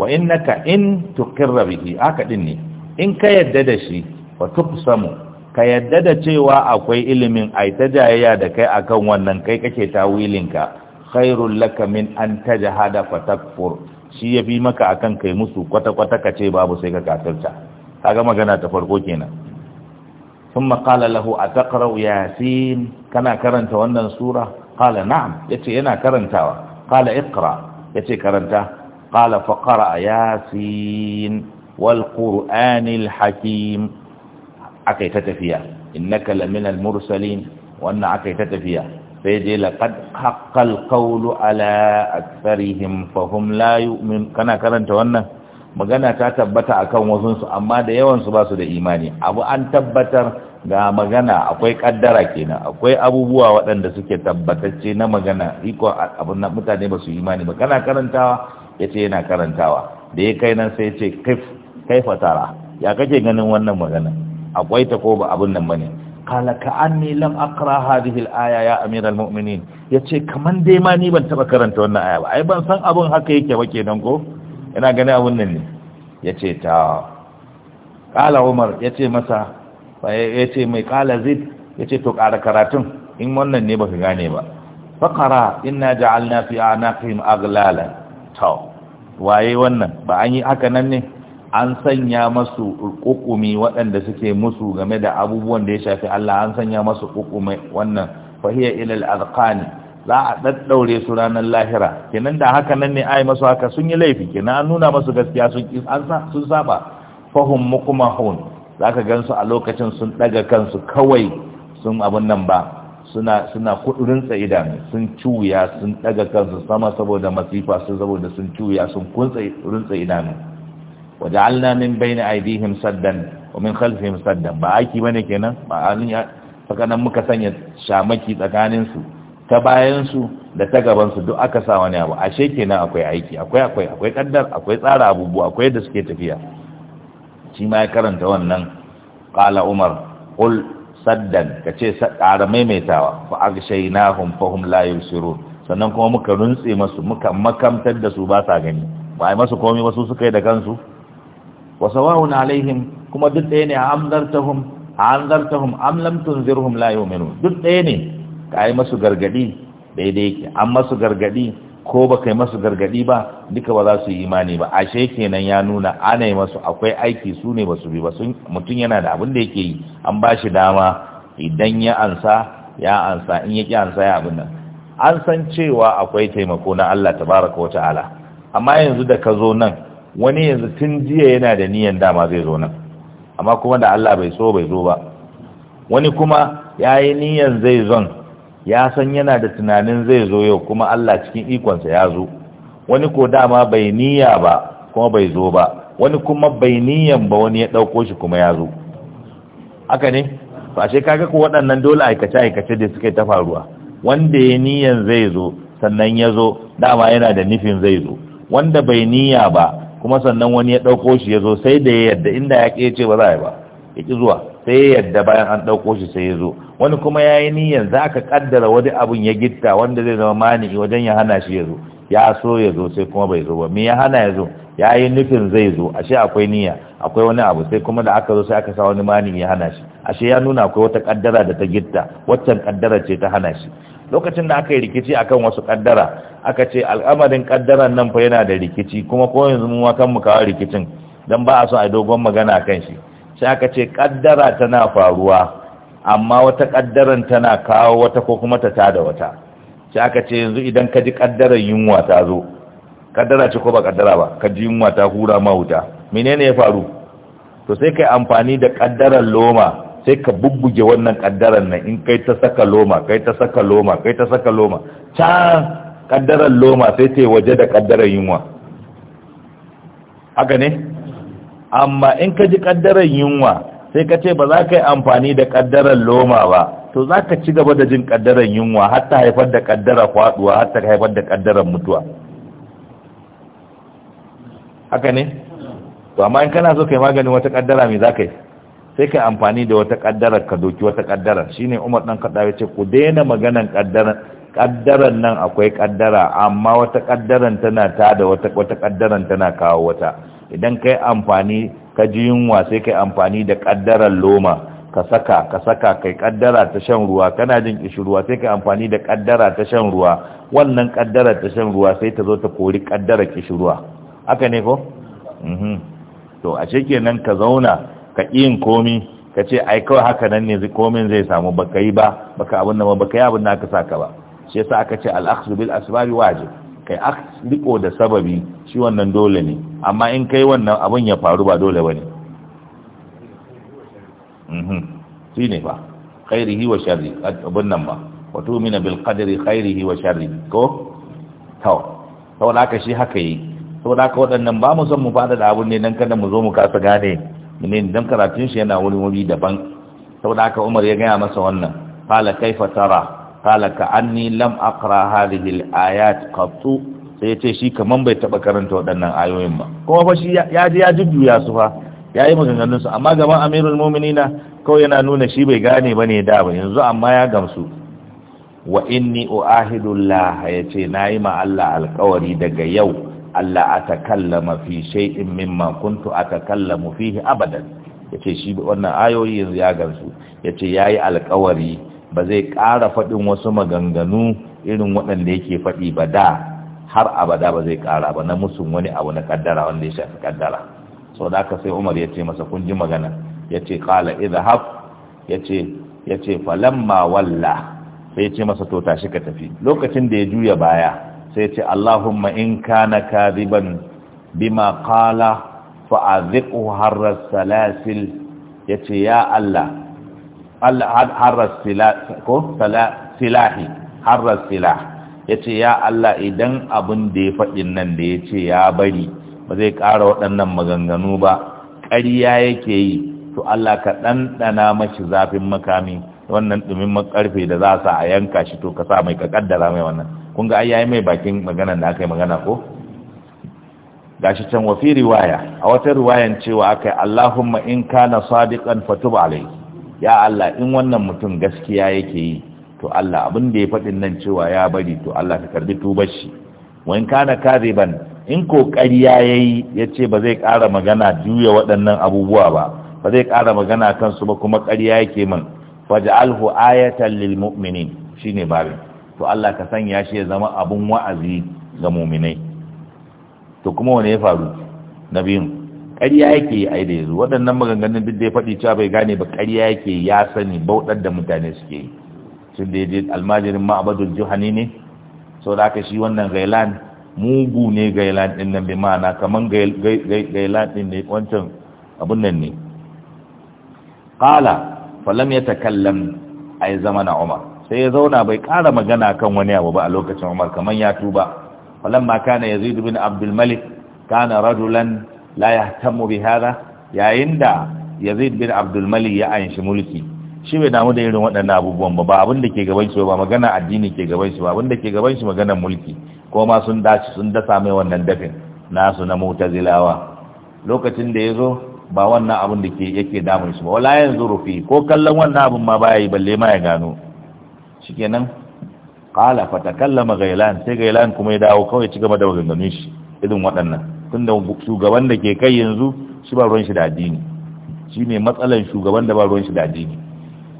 [SPEAKER 1] wa innaka in tuqirra bihi haka ɗin ne in ka yadda da shi wa samu. ka yadda da cewa akwai ilimin ai ta jayayya da kai akan wannan kai kake tawilinka khairul laka min an hada fatakfur shi ya yafi maka akan kai musu kwata kwata ka ce babu sai ka kafirta kaga magana ta farko kenan thumma qala lahu ataqra yasin kana karanta wannan sura qala na'am yace yana karantawa qala iqra yace karanta qala fa qara yasin wal qur'anil hakim aka yi ta tafiya innaka laminal mursalin wannan aka yi ta tafiya sai je laqad haqqal qawlu ala aktharihim fahum la yu'min kana karanta wannan magana ta tabbata akan kan su amma da yawan su ba su da imani abu an tabbatar ga magana akwai kaddara kenan akwai abubuwa waɗanda suke tabbatacce na magana iko abun mutane ba su imani ba kana karantawa yace yana karantawa da ya kai nan sai ce kaifa ya kake ganin wannan magana akwai ta ko ba abin nan bane ne. ka anni lam aqra hadhihi al-aya ya amir al-mu'minin yace kaman dai ma ni ban taba karanta wannan aya ba ai ban san abin haka yake ba kenan ko ina gani abun nan ne yace ta Kala umar yace masa yace mai kala zid yace to kara karatun in wannan ne baka gane ba faqara inna na fi anaqihim aghlalan ta waye wannan ba an yi haka nan ne an sanya masu ƙuƙumi waɗanda suke musu game da abubuwan da ya shafi Allah an sanya masu ƙuƙumi wannan fahiya ilal alqani za a daddaure su ranar lahira kenan da haka nan ne ai masu haka sun yi laifi kenan an nuna masu gaskiya sun an sun saba fahum mukmahun zaka gansu a lokacin sun daga kansu kawai sun abun nan ba suna suna kudurin idanu sun cuya sun daga kansu sama saboda masifa sun saboda sun cuya sun kunsa rinsa idanu waja'alna min bayni aydihim saddan wa min khalfihim saddan ba aiki bane kenan ba alin ya sakanan muka sanya shamaki tsakanin su ta bayan su da ta gaban su duk aka sa wani abu ashe kenan akwai aiki akwai akwai akwai kaddar akwai tsara abubuwa akwai da suke tafiya shi ma ya karanta wannan qala umar qul saddan kace ƙara maimaitawa fa aghshaynahum fahum la yusirun sannan kuma muka runtse masu muka makamtar da su ba sa gani ba ai masu komai wasu suka yi da kansu wa na alaihim kuma duk ɗaya ne amdartahum anzartahum am lam tunzirhum la yu'minun duk ɗaya ne kai masu gargadi daidai yake an masu gargadi ko ba kai masu gargadi ba duka ba za su yi imani ba ashe kenan ya nuna ana yi masu akwai aiki su ne ba su bi ba mutum yana da abin da yake yi an ba shi dama idan ya ansa ya ansa in ya ki ansa ya abin nan an san cewa akwai taimako na Allah tabaraka wa ta'ala amma yanzu da ka zo nan wani yanzu tun jiya yana da niyan dama zai zo nan amma kuma da Allah bai so bai zo ba wani kuma ya yi niyan zai zon ya san yana da tunanin zai zo yau kuma Allah cikin ikonsa ya zo wani ko dama bai niya ba kuma bai zo ba wani kuma bai niyan ba wani ya ɗauko shi kuma ya zo haka ne fashe kaga ko waɗannan dole aikace-aikace da suke ta faruwa wanda ya niyan zai zo sannan ya zo dama yana da nufin zai zo wanda bai niya ba kuma sannan wani ya ɗauko shi ya zo sai da ya yadda inda ya ƙi ce ba za a yi ba ya ƙi zuwa sai ya yadda bayan an ɗauko shi sai ya zo wani kuma ya yi niyyar za ka ƙaddara wani abun ya gitta wanda zai zama mani wajen ya hana shi ya zo ya so ya zo sai kuma bai zo ba me ya hana ya zo ya yi nufin zai zo ashe akwai niyya akwai wani abu sai kuma da aka zo sai aka sa wani mani ya hana shi ashe ya nuna akwai wata ƙaddara da ta gitta waccan ƙaddara ce ta hana shi lokacin da aka yi rikici akan wasu ƙaddara aka ce al'amarin kaddarar nan fa yana da rikici kuma ko yanzu mun wakan mu kawo rikicin dan ba a so a dogon magana kan shi sai aka ce kaddara tana faruwa amma wata kaddaran tana kawo wata ko kuma ta tada wata sai aka ce yanzu idan ka ji kaddaran yunwa ta zo kaddara ce ko ba kaddara ba ka ji yunwa ta hura ma wuta menene ya faru to sai kai amfani da kaddaran loma sai ka bubbuge wannan kaddaran nan in kai ta saka loma kai ta saka loma kai ta saka loma can kaddarar loma sai ce waje da kaddarar yunwa haka ne amma in ka ji kaddarar yunwa sai ka ce ba za ka yi amfani da kaddarar loma ba to za ka ci gaba da jin kaddarar yunwa har ta haifar da kaddarar faduwa har ta haifar da kaddarar mutuwa haka ne to amma in kana so kai maganin wata kaddara me za ka yi sai ka amfani da wata kaddarar ka doki wata kaddarar shine Umar dan Khattab ya ce ku daina maganan kaddarar kaddaran nan akwai kaddara amma wata kaddaran tana tada wata wata kaddaran tana kawo wata idan kai amfani ka ji yunwa sai kai amfani da kaddaran loma ka saka ka saka kai kaddara ta shan ruwa kana jin ruwa sai kai amfani da kaddara ta shan ruwa wannan kaddara ta shan ruwa sai ta zo ta kori kaddara ruwa haka ne ko mhm. to a ce kenan ka zauna ka yin komi ka ce ai kawai haka nan ne komin zai samu baka yi ba baka abin nan ba baka yi abin saka ba shi yasa aka ce al'akhdhu bil asbab wajib kai ko da sababi shi wannan dole ne amma in kai wannan abun ya faru ba dole bane mhm ne fa khairihi wa sharri abun nan ba wa tu'minu bil qadri khairihi wa sharri ko to da haka shi haka yi da haka wadannan ba mu san mu fada da abun ne dan kada mu zo mu kasa gane ne dan karatun shi yana wuri wuri daban saboda haka Umar ya gaya masa wannan fala kaifa tara qala ka anni lam akra hadhihi al-ayat qattu sai ce shi kaman bai taba karanta waɗannan ayoyin ba kuma fa shi ya ji ya jujjuya su fa yayi maganganun su amma gaban amirul mu'minina kawai yana nuna shi bai gane ne da ba yanzu amma ya gamsu wa inni uahidullah yace nayi ma Allah alƙawari daga yau Allah atakallama fi shay'in mimma kuntu atakallamu fihi abadan yace shi wannan ayoyi yanzu ya gamsu yace yayi alƙawari ba zai ƙara faɗin wasu maganganu irin waɗanda yake faɗi ba da har abada ba zai ƙara ba na musun wani abu na kaddara wanda ya shafi kaddara sau da aka sai umar ya ce masa kun ji magana ya ce ƙala idha haf ya ce falamma walla sai ya ce masa to tashi ka tafi lokacin da ya juya baya sai ya ce allahumma in kana kadiban bima qala fa'adhiqhu harra salasil ya ce ya allah silahi harras silah ya ce ya Allah idan abin da ya faɗin nan da ya ce ya bari ba zai ƙara waɗannan maganganu ba ƙarya yake yi to Allah ka ɗanɗana mashi zafin makami wannan ɗumin makarfe da za sa a yanka shi to ka sa mai ka ƙaddara mai wannan kun ga ai mai bakin maganan da aka yi magana ko gashi can wa riwaya a wata riwayan cewa aka yi Allahumma in kana sadiqan fatub alayhi ya Allah in wannan mutum gaskiya yake yi to Allah abin da ya faɗin nan cewa ya bari to Allah ka karbi tuba shi wa in kana kariban in kokari ya yi ya ce ba zai ƙara magana juya waɗannan abubuwa ba ba zai ƙara magana kansu ba kuma ƙarya yake min alhu ayatan lil mu'minin shine babin to Allah ka sanya shi ya zama abun wa'azi ga mu'minai to kuma wane ya faru nabiyin ƙarya yake yi aida yanzu waɗannan maganganun duk da ya faɗi cewa bai gane ba ƙarya yake ya sani bautar da mutane suke yi tun da yaje almajirin ma'abadul juhani ne sau da aka shi wannan gailan mugu ne gailan ɗin nan bai ma'ana kamar gailan ɗin ne wancan abun nan ne qala falam yi zama na umar sai ya zauna bai ƙara magana kan wani abu ba a lokacin umar kamar ya tuba ma kana yazid bin Abdulmalik, abdulmalik kana rajulan la tamu bi hada yayin da Yazid bin Abdul mali ya anshi mulki shi bai damu da irin waɗannan abubuwan ba abin da ke gaban shi ba magana addini ke gaban shi ba abin da ke gaban shi magana mulki ko ma sun dace sun dasa mai wannan dafin nasu na mutazilawa lokacin da yazo ba wannan abin da ke yake damun shi ba wala yanzu rufi ko kallon wannan abin ma baya yi balle ma ya gano shikenan qala fatakallama gailan sai gailan kuma ya dawo kawai ci gaba da maganganun shi irin waɗannan tunda shugaban da ke kai yanzu shi ba ruwan shi da addini shi ne matsalan shugaban da ba ruwan shi da addini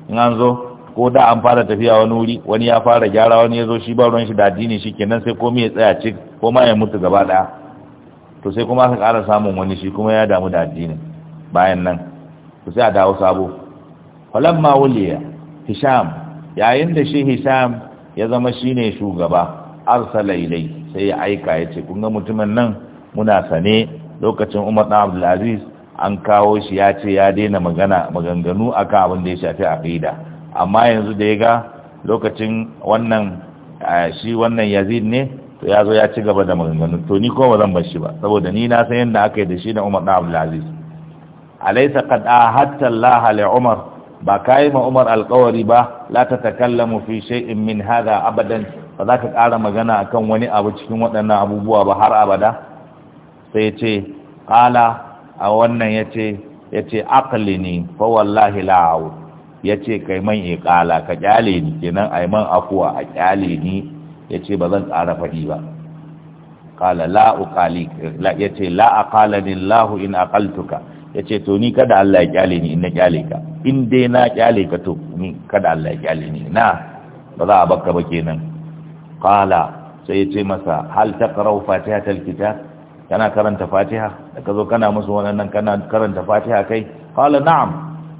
[SPEAKER 1] in an zo ko da an fara tafiya wani wuri wani ya fara gyara wani ya zo shi ba ruwan shi da addini shi kenan sai komai ya tsaya cik ko ma ya mutu gaba daya to sai kuma aka ƙara samun wani shi kuma ya damu da addini bayan nan to sai a dawo sabo falamma wuliya hisham yayin da shi hisham ya zama shine shugaba arsala ilai sai ya aika ya ce kun ga mutumin nan muna sane lokacin umar ɗan abdulaziz an kawo shi ya ce ya daina magana maganganu akan abin da ya shafi a aqida amma yanzu da ya ga lokacin wannan shi wannan yazid ne to ya zo ya ci gaba da maganganu to ni ko ba zan bar shi ba saboda ni na san yadda aka yi da shi na umar ɗan abdulaziz alaysa qad ahadta allaha li umar ba kai ma umar alqawari ba la tatakallamu fi shay'in min hadha abadan ba za ka ƙara magana akan wani abu cikin waɗannan abubuwa ba har abada sai ce ƙala a wannan ya ce ya ce akali ne fa wallahi la'awu ya ce kai man ƙala ka ƙyale ni kenan a yi man afuwa a ƙyale ni ya ce ba zan ƙara faɗi ba ƙala la'uƙali ya ce ni lahu in aƙaltuka ya ce to ni kada Allah ya kyale ni in na kyale ka in dai na kyale ka to ni kada Allah ya kyale ni na ba za a baka ba kenan ƙala sai ya ce masa hal ta taqra'u fatihatal kitab kana karanta fatiha da ka zo kana musu wannan kana karanta fatiha kai qala na'am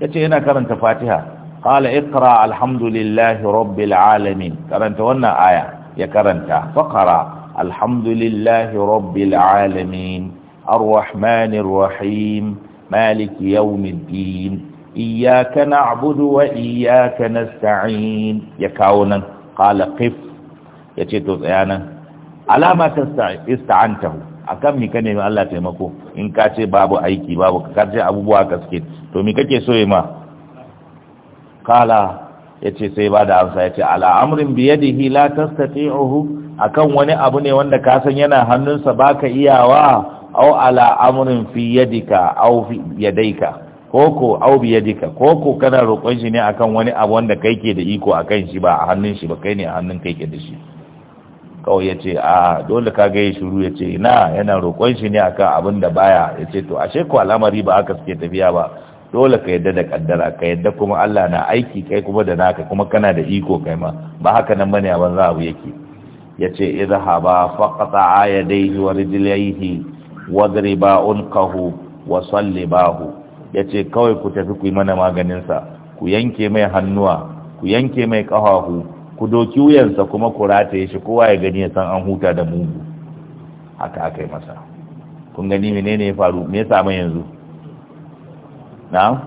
[SPEAKER 1] yace yana karanta fatiha qala iqra alhamdulillahi rabbil alamin karanta wannan aya ya karanta faqara alhamdulillahi rabbil alamin arrahmanir rahim maliki yawmiddin iyyaka na'budu wa iyyaka nasta'in ya kawo nan qala qif yace to tsaya nan alama tasta'in ista'antahu akan mi ka nemi Allah taimako in ka ce babu aiki babu ka ce abubuwa ka suke to mi kake so ma kala Ya ce sai ba da amsa ce ala amrin bi yadihi la tastati'uhu akan wani abu ne wanda ka san yana hannunsa baka iyawa au ala amrin fi yadika au fi yadaika koko au bi yadika koko kana roƙon shi ne akan wani abu wanda kai ke da iko akan shi ba a hannun shi ba kai ne a hannun kai ke da shi kawai ya ce a dole ka gaya shuru ya ce na yana roƙon shi ne akan abin da baya ya ce to ashe ko al'amari ba aka suke tafiya ba dole ka yadda da ƙaddara ka yadda kuma Allah na aiki kai kuma da naka kuma kana da iko kai ma ba haka nan bane a banza yake ya ce a ya ayadayhi wa rijlayhi wadriba kahu wa sallibahu ya ce kawai ku tafi ku yi mana maganinsa ku yanke mai hannuwa ku yanke mai ƙafafu ku doki wuyansa kuma ku rataye shi kowa ya gani ya san an huta da mugu haka aka yi masa kun gani menene ya faru me ya samu yanzu na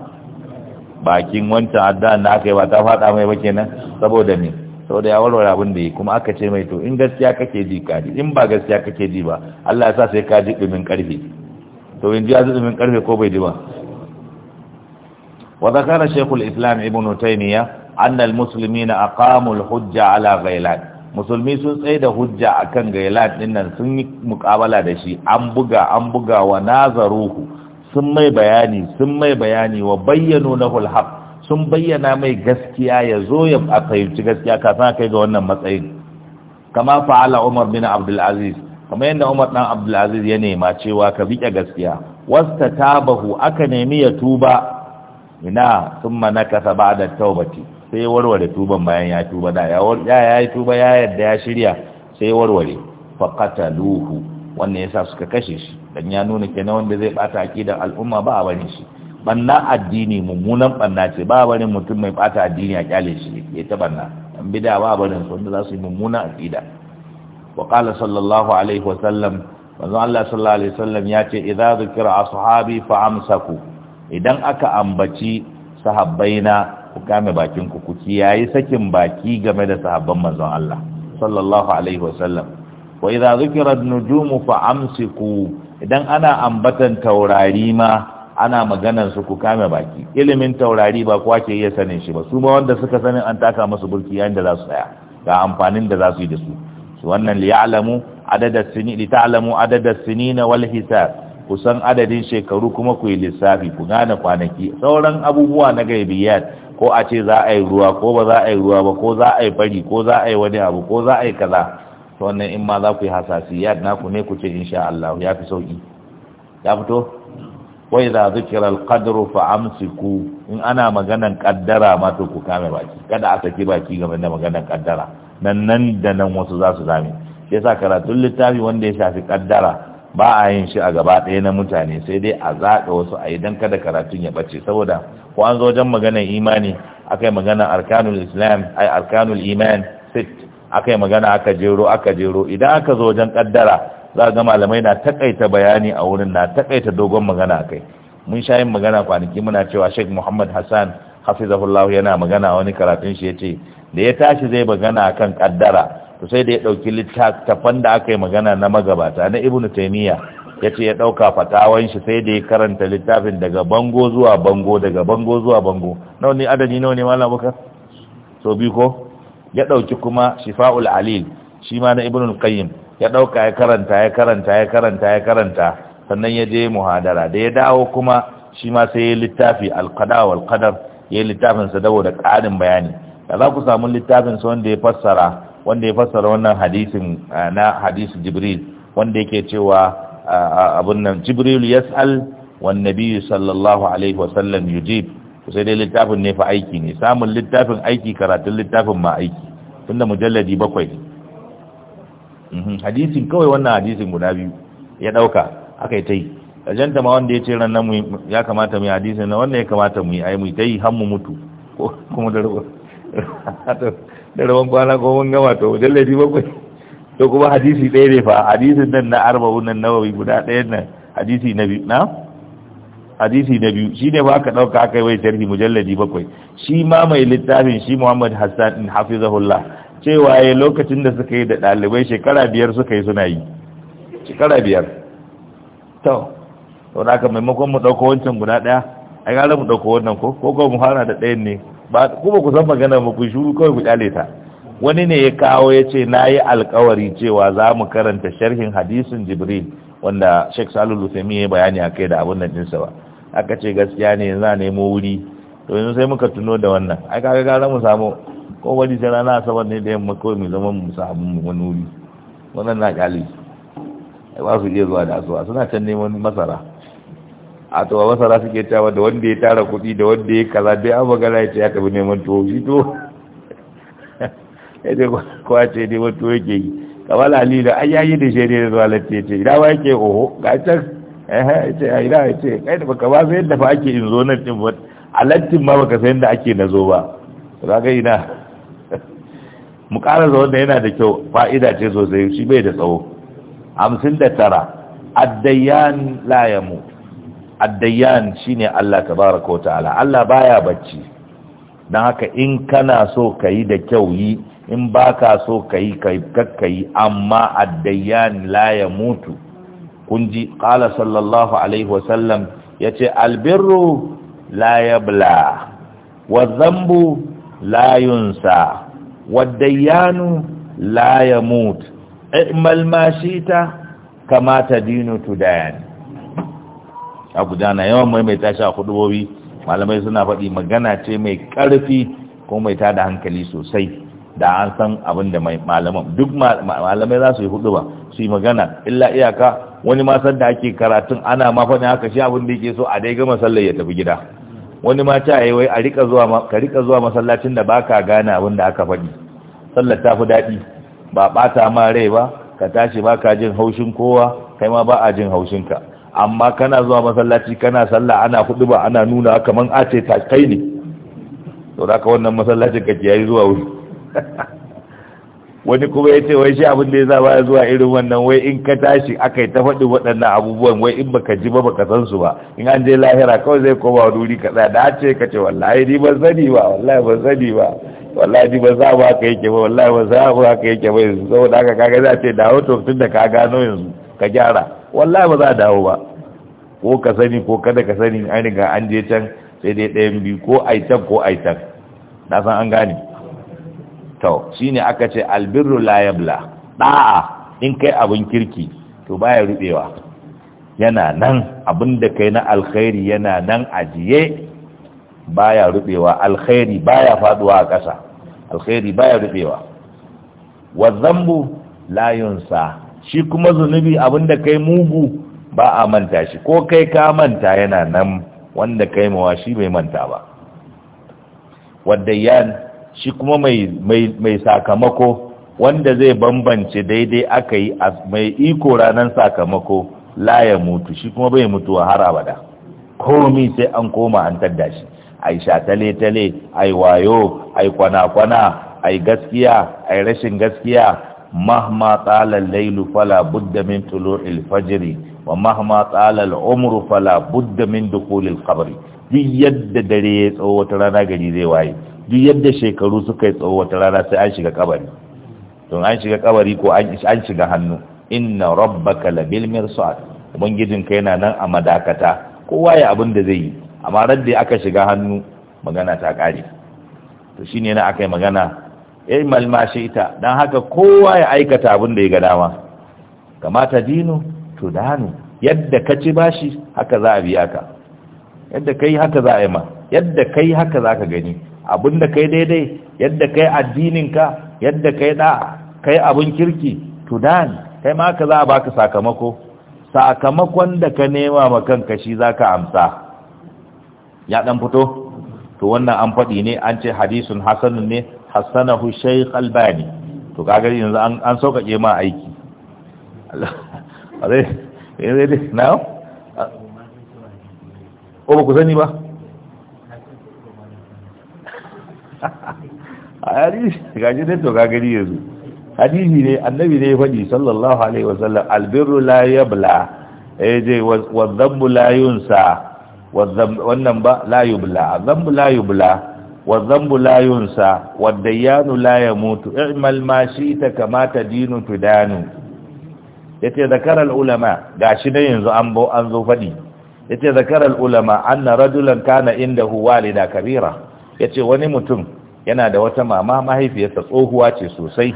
[SPEAKER 1] bakin wancan addan da aka yi ba ta faɗa mai ba kenan saboda me saboda ya warware abin da yi kuma aka ce mai to in gaskiya kake ji ka ji in ba gaskiya kake ji ba Allah ya sa sai ka ji dumin karfe to in ji ya ji dumin karfe ko bai ji ba wa zakara shaykhul islam ibnu taymiya annal na Akamul hujja ala ghailan musulmi sun tsaye da hujja akan gailan dinnan sun yi mukabala da shi an buga an buga wa nazaruhu sun mai bayani sun mai bayani wa bayyano na hulhaq sun bayyana mai gaskiya ya zo ya fahimci gaskiya kafin kai ga wannan matsayin kama fa'ala umar bin abdul aziz Kama yadda umar dan abdul aziz ya nema cewa ka biƙe gaskiya wasta tabahu aka nemi ya tuba ina summa nakasa da taubati? sai ya warware tuban bayan ya tuba da ya ya yi tuba ya yadda ya shirya sai ya warware faqataluhu wannan yasa suka kashe shi dan ya nuna kenan wanda zai bata aqidar al'umma ba a barin shi banna addini mummunan banna ce ba a barin mutum mai bata addini a kyale shi ya ta banna an bida ba a barin su wanda za su yi mummunan aqida wa qala sallallahu alaihi wa sallam manzo Allah sallallahu alaihi wasallam ya ce idza zikra ashabi fa amsaku idan aka ambaci sahabbaina ku kame bakin ku ku kiyayi sakin baki game da sahabban manzon Allah sallallahu alaihi wasallam wa idza an-nujum fa amsiku idan ana ambatan taurari ma ana maganar su ku kame baki ilimin taurari ba kowa ke iya sanin shi ba su ma wanda suka sanin an taka musu burki yayin da za su tsaya ga amfanin da za su yi da su su wannan li ya'lamu adada sini li ta'lamu adada sinina wal hisab kusan adadin shekaru kuma ku yi lissafi ku gane kwanaki sauran abubuwa na gaibiyat ko a ce za a yi ruwa ko ba za a yi ruwa ba ko za a yi bari ko za a yi wani abu ko za a yi kaza to wannan in ma za ku yi na ku ne ku ce insha Allah ya fi sauki ya fito wa idza zikra al-qadru fa amsiku in ana maganan kaddara ma to ku kame baki kada a saki baki game da maganan kaddara nan nan da nan wasu za su zame shi yasa karatun littafi wanda ya shafi kaddara ba a yin shi a gaba ɗaya na mutane sai dai a zaɗa wasu a yi don kada karatun ya ɓace saboda ko an zo wajen maganar imani aka yi maganar arkanul islam ai arkanul iman sit aka yi magana aka jero aka jero idan aka zo wajen ƙaddara za ga malamai na takaita bayani a wurin na takaita dogon magana kai mun sha yin magana kwanaki muna cewa sheikh muhammad hassan hafizahullahu yana magana wani karatun shi ya ce da ya tashi zai magana akan ƙaddara to sai da ya ɗauki littattafan da aka yi magana na magabata na ibnu taimiyya ya ce ya ɗauka fatawan shi sai da ya karanta littafin daga bango zuwa bango daga bango zuwa bango nawa ne adadi nawa ne malam bukar so biyu ko ya ɗauki kuma shifa'ul alil shi ma na ibnu qayyim ya ɗauka ya karanta ya karanta ya karanta ya karanta sannan ya je muhadara da ya dawo kuma shi ma sai ya littafi alqada wal qadar ya littafin sa saboda ƙarin bayani da za ku samu littafin sa wanda ya fassara wanda ya fassara wannan hadisin na hadisin jibril wanda yake cewa abun nan jibril yas'al wan nabi sallallahu alaihi wasallam yujib sai dai littafin ne fa aiki ne samun littafin aiki karatun littafin ma aiki tunda mujalladi bakwai mhm hadisin kawai wannan hadisin guda biyu ya dauka akai tai ta yi ajanta ma wanda ya ce ran nan ya kamata mu yi hadisin nan wanda ya kamata mu yi ai mu ta yi har mu mutu ko kuma da rubu da rawan kwana ko mun gama to mujalladi bakwai to kuma hadisi ɗaya ne fa hadisin nan na arba'u nan nawawi guda ɗaya nan hadisi na biyu na hadisi na biyu shi ne ba aka ɗauka aka yi wai tarihi mujalladi bakwai shi ma mai littafin shi muhammad hassan in hafizahullah cewa ya lokacin da suka yi da ɗalibai shekara biyar suka yi suna yi shekara biyar to to da aka maimakon mu ɗauko wancan guda ɗaya a gara mu ɗauko wannan ko ko mu fara da ɗayan ne ba kuma ku san magana ba ku shuru kawai ku kyale ta wani ne ya kawo ya ce na yi alkawari cewa za mu karanta sharhin hadisin jibril wanda sheikh salul lusemi ya bayani a kai da abin da ɗinsa ba aka ce gaskiya ne za nemo wuri to yanzu sai muka tuno da wannan ai kaga gara mu samu ko wani sai na asabar ne da yamma kawai mu zama mu samu wani wuri wannan na kyale ba su iya zuwa da asuwa suna can neman masara a to masara suke cewa da wanda ya tara kudi da wanda ya kaza dai an magana ya ce ya tafi neman tuwo shi to ya ce ce neman tuwo yake yi kamar halilu an yayi da shi ne zuwa lalace ce ina ba yake oho ga can ya ce a ina ya ce kai da baka ba sai yadda fa ake in zo nan ɗin ba a lantin ma baka san yadda ake na zo ba za ka ina mu ƙara zaune da yana da kyau fa'ida ce sosai shi bai da tsawo hamsin da tara addayan layamu addayyan shine Allah tabaraka wa ta'ala Allah baya bacci dan haka in kana so kayi da kyau yi in baka so kai kai yi. amma addayyan la ya mutu Kunji ji sallallahu alaihi wa sallam yace albirru la yabla wa dhanbu la yunsa والديان لا ma shi ta kamata dinu تدين a gudana yawan maimaita shi a hudubobi malamai suna faɗi magana ce mai ƙarfi ko mai tada hankali sosai da an san abin da malaman duk malamai za su yi hudu ba su yi magana illa iyaka wani ma san da ake karatun ana ma faɗin haka shi abin da yake so a dai gama sallar ya tafi gida wani ma ta yi wai a rika ka rika zuwa masallacin da baka gane abin da aka faɗi sallar ta fi daɗi ba ɓata ma rai ba ka tashi ba ka jin haushin kowa kai ma ba a jin haushin ka. amma kana zuwa masallaci kana sallah ana hudu ba ana nuna kaman a ce kai ne to da ka wannan masallacin ka kiyayi zuwa wuri wani kuma ya ce wai shi abin da ya zaba ya zuwa irin wannan wai in ka tashi aka yi ta faɗi waɗannan abubuwan wai in baka ji ba baka san su ba in an je lahira kawai zai koma wani wuri ka tsaya da ce ka ce wallahi ni ban sani ba wallahi ban sani ba wallahi ni ban za ba haka yake ba wallahi ban za ba haka yake ba yanzu saboda haka kaga za ce dawo to tun da ka gano yanzu ka gyara wallahi ba za a dawo ba ko ka sani ko kada ka sani an ga an je can sai dai ɗayan biyu ko aitan ko aitan na san an gane to shi ne aka ce albirru la yabla da'a in kai abin kirki to baya rubewa yana nan abin da kai na alkhairi yana nan ajiye baya rubewa alkhairi baya faduwa a ƙasa alkhairi baya ruɓewa. wa zambu la shi kuma zunubi abinda kai mugu ba a manta shi ko kai ka manta yana nan wanda kai mawa shi bai manta ba wadda yan shi kuma mai sakamako wanda zai bambance daidai aka yi a mai iko ranar sakamako la ya mutu shi kuma bai mutuwa har abada komi sai an koma an tadda shi ai shatale-tale ai wayo ai kwana-kwana ai gaskiya ai rashin gaskiya mahma tsala lailu fala budda min tulu'il fajri wa mahma tsala al'umru fala budda min dukulil duk yadda dare ya tsawo wata rana gari zai waye duk yadda shekaru suka yi tsawo wata rana sai an shiga kabari don an shiga kabari ko an shiga hannu inna rabbaka labil mirsad kai yana nan a madakata kowa ya abin da zai yi amma radda aka shiga hannu magana ta kare to shine na yi magana yi malmashi ita don haka kowa ya aikata abin da ya ga dama kamata Dino to danu yadda ka ci bashi haka za a biya ka yadda kai haka za a yi ma yadda kai haka za ka gani abin da kai daidai yadda kai addininka yadda kai da kai abin kirki to dan kai ma haka za a baka sakamako sakamakon da ka nema ma kanka shi za ka amsa ya dan fito to wannan an faɗi ne an ce hadisun hasanun ne Hassanahu shaykh albani to kaga yanzu an an sauƙaƙe ma aiki Allah yanzu na o ba ku sani ba a hadisi gaji ne to gagari yanzu hadisi ne annabi ne ya faɗi sallallahu alaihi wasallam albirru la yabla eh je wa dhanbu la yunsa wannan ba la yubla dhanbu la yubla wa zambu la yunsa wa dayyanu la yamutu i'mal ma shi'ta kama tadinu tudanu yace zakaral ulama gashi dai yanzu an bo an zo fadi yace zakaral ulama anna rajulan kana indahu walida wani mutum yana da wata mama mahaifiyarsa tsohuwa ce sosai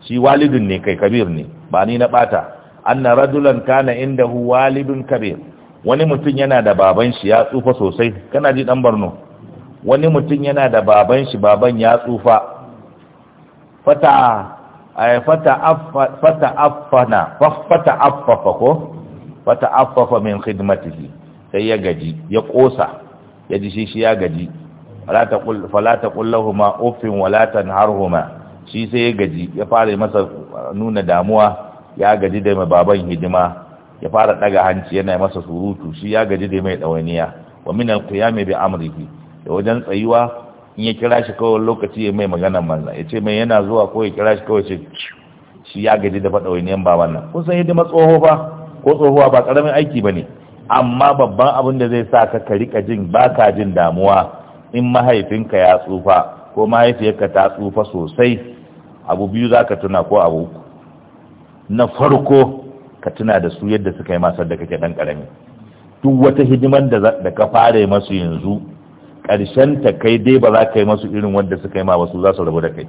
[SPEAKER 1] shi walidun ne kai kabir ne ba ni na bata anna rajulan kana indahu walidun kabir wani mutum yana da baban shi ya tsufa sosai kana ji dan barno. wani mutum yana da baban shi baban ya tsufa fata eh, affana fata affafa ko fata affafa min khidmatihi sai ya gaji ya kosa ya ji shi shi ya gaji fala ta kullahuma uffin wala tanharhuma shi sai ya gaji ya fara masa eh, nuna damuwa ya gaji da mai baban hidima ya fara daga hanci yana masa surutu shi ya gaji da mai dawaniya wa min alqiyami bi amrihi da wajen tsayuwa in ya kira shi kawai lokaci ya mai magana manza ya ce mai yana zuwa ko ya kira shi kawai ce shi ya gaji da faɗa wani ba wannan. kun san hidima tsoho ba ko tsohuwa ba ƙaramin aiki ba ne amma babban abin da zai sa ka ka rika jin ba ka jin damuwa in mahaifinka ya tsufa ko mahaifiyarka ta tsufa sosai abu biyu za ka tuna ko abu uku na farko ka tuna da su yadda suka yi masar da kake ɗan ƙarami duk wata hidimar da ka fara masu yanzu Karshen ta kai dai ba za ka yi masu irin wanda suka yi ma ba su za su rabu da kai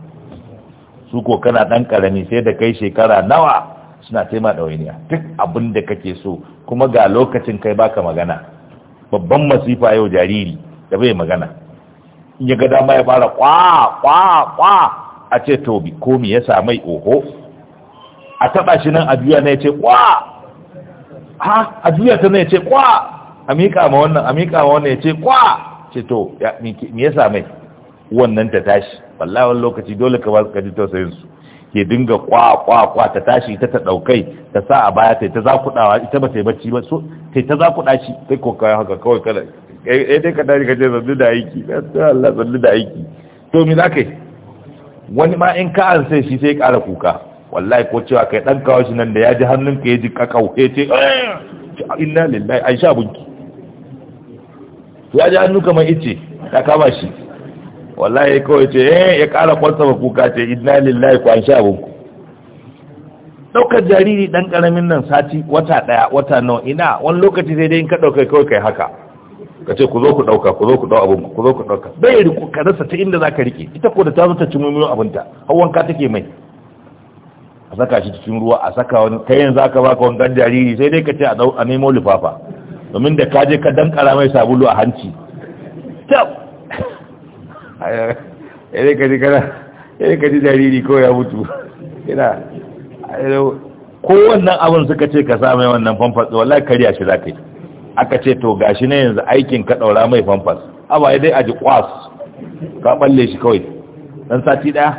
[SPEAKER 1] su ko kana ɗan ƙarami sai da kai shekara nawa suna taima ɗawainiya duk abin da kake so kuma ga lokacin kai baka magana babban masifa yau jariri da bai magana in ya ga dama ya fara kwa kwa kwa a ce to ko me ya samai oho a taɓa shi nan a juya na ya ce kwa ha a juya ta na ya ce kwa a miƙa ma wannan a miƙa ma wannan ya ce kwa ce to me ya same wannan ta tashi wallahi wani lokaci dole ka ka ji tausayin su ke dinga kwa kwa kwa ta tashi ta ta daukai ta sa a baya ta ta zakudawa ita ba ta bacci ba so ta ta zakuda shi kai ko kai haka kawai kada eh, eh dai ka dai ka je zanni da aiki Allah zanni da aiki to me za yi wani ma in ka an sai shi sai ya kara kuka wallahi ko cewa kai dan kawo shi nan da ya ji hannunka ya ji kakau ya ce eh, inna lillahi aisha bunki ya ji hannu kamar ice ya kama shi wallahi ya kawai ce eh ya kara ba kuka ce inna lillahi ku an sha abinku daukar jariri dan karamin nan sati wata daya wata nawa ina wani lokaci sai dai in ka dauka kai kai haka ka ce ku zo ku dauka ku zo ku dauka abun ku zo ku dauka bai riku ka rasa ta inda zaka rike ita ko da ta zo ta mino abun ta hawan ka take mai a saka shi cikin ruwa a saka wani kai yanzu aka baka dan jariri sai dai ka ce a nemo lifafa domin da ka je ka dankara mai sabulu a hanci tab yadda ka ji kana yadda ka jariri ko ya mutu yana ko wannan abin suka ce ka sa wannan famfas wallahi kariya shi za ka yi aka ce to gashi na yanzu aikin ka ɗaura mai famfas abu ya dai aji kwas ka balle shi kawai dan sati ɗaya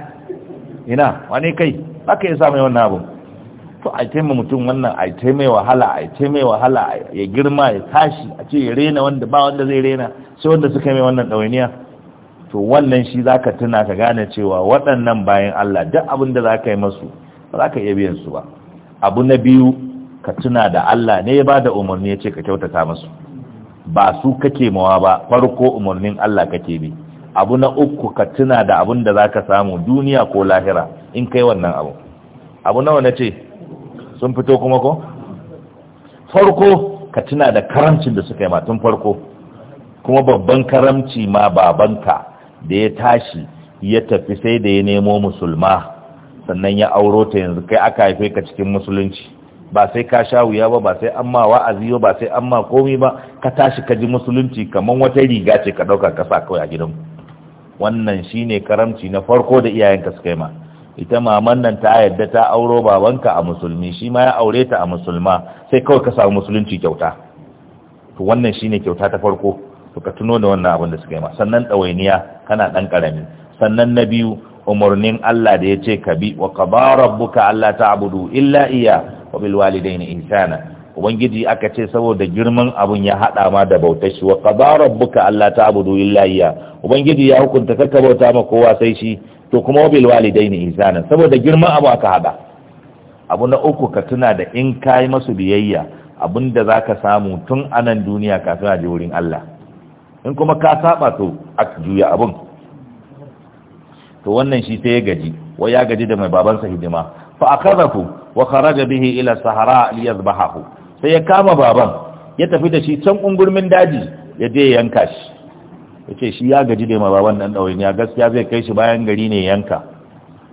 [SPEAKER 1] ina wani kai aka yi iya mai wannan abin to a taima mutum wannan a taimai wahala a taimai wahala ya girma ya tashi a ce ya rena wanda ba wanda zai rena sai wanda suka mai wannan ɗawainiya to wannan shi za ka tuna ka gane cewa waɗannan bayan Allah duk abin da za ka yi masu ba za ka iya biyan su ba abu na biyu ka tuna da Allah ne ya ba da umarni ya ce ka kyautata masu ba su kake mawa ba farko umarnin Allah kake bi abu na uku ka tuna da abin da za ka samu duniya ko lahira in kai wannan abu abu nawa na ce sun fito kuma ko
[SPEAKER 2] farko
[SPEAKER 1] ka tuna da karamcin da suka yi ma tun farko kuma babban karamci ma babanka da ya tashi ya tafi sai da ya nemo musulma sannan ya auro ta yanzu kai aka haife ka cikin musulunci ba sai ka sha wuya ba ba sai an ma wa'azi ba ba sai an ma komi ba ka tashi ka ji musulunci kamar wata riga ce ka ɗauka ka sa kawai a gidan wannan shine karamci na farko da iyayenka suka yi ma ita maman nan ta yadda ta auro babanka a musulmi shi ma ya aure ta a musulma sai kawai ka samu musulunci kyauta to wannan shine kyauta ta farko to ka tuno da wannan abin da suka yi ma sannan ɗawainiya kana ɗan karami sannan na biyu umarnin Allah da ya ce ka bi wa qada rabbuka alla ta'budu illa iya wa bil walidayni ihsana ubangiji aka ce saboda girman abun ya hada ma da bautar shi wa qada rabbuka alla ta'budu illa iya ubangiji ya hukunta ka bauta ma kowa sai shi to kuma wabil ne nan saboda girman abu aka haɗa. abu na uku ka tuna da in yi masu biyayya abinda ka samu tun anan duniya kafin a wurin Allah in kuma ka saba to a juya abun to wannan shi ta ya gaji wai ya gaji da mai babansa hidima fa akadahu wa kharaja bihi ila sahara liyazbahahu sai ya kama baban ya tafi da shi can ungurmin daji ya je yanka shi yace shi ya gaji da ma baban nan dawain ya gaskiya zai kai shi bayan gari ne yanka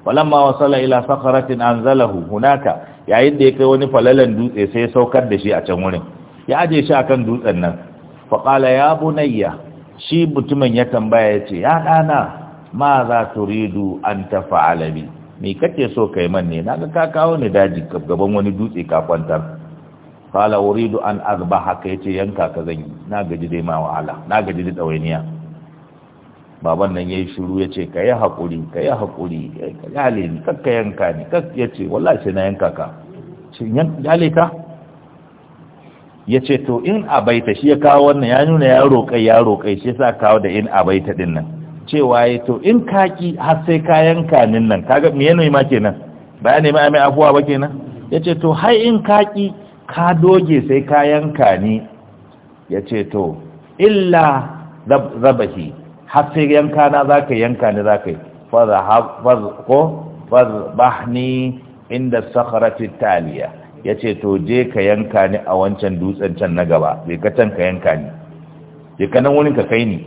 [SPEAKER 1] falamma wasala ila sakharatin anzalahu hunaka yayin da ya kai wani falalan dutse sai ya saukar da shi a can wurin ya aje shi akan dutsen nan faqala ya bunayya shi mutumin ya tambaya yace ya dana ma za ridu an tafa'ala bi me kake so kai man ne naga ka kawo ni daji gaban wani dutse ka kwantar qala uridu an kai ce yanka ka zan yi na gaji dai ma wahala na gaji da dawainiya baban nan yayi shiru yace kai hakuri kai hakuri ka yale ni kakka yanka ni kak yace wallahi sai na yanka ka shin yan yale ka yace to in abaita shi ya kawo wannan ya nuna ya roƙai ya roƙai shi yasa kawo da in abaita din nan cewa ya to in kaki har sai ka yanka nin nan kaga me yana ma kenan bayani ma mai afuwa ba kenan yace to hai in kaki ka doge sai ka yanka ni yace to illa zabahi har sai yanka na za ka yanka ni za ka yi fazbahni inda sakharati taliya ya ce to je ka yanka ni a wancan dutsen can na gaba bai ka can ka yanka ni bai ka nan wurin ka kai ni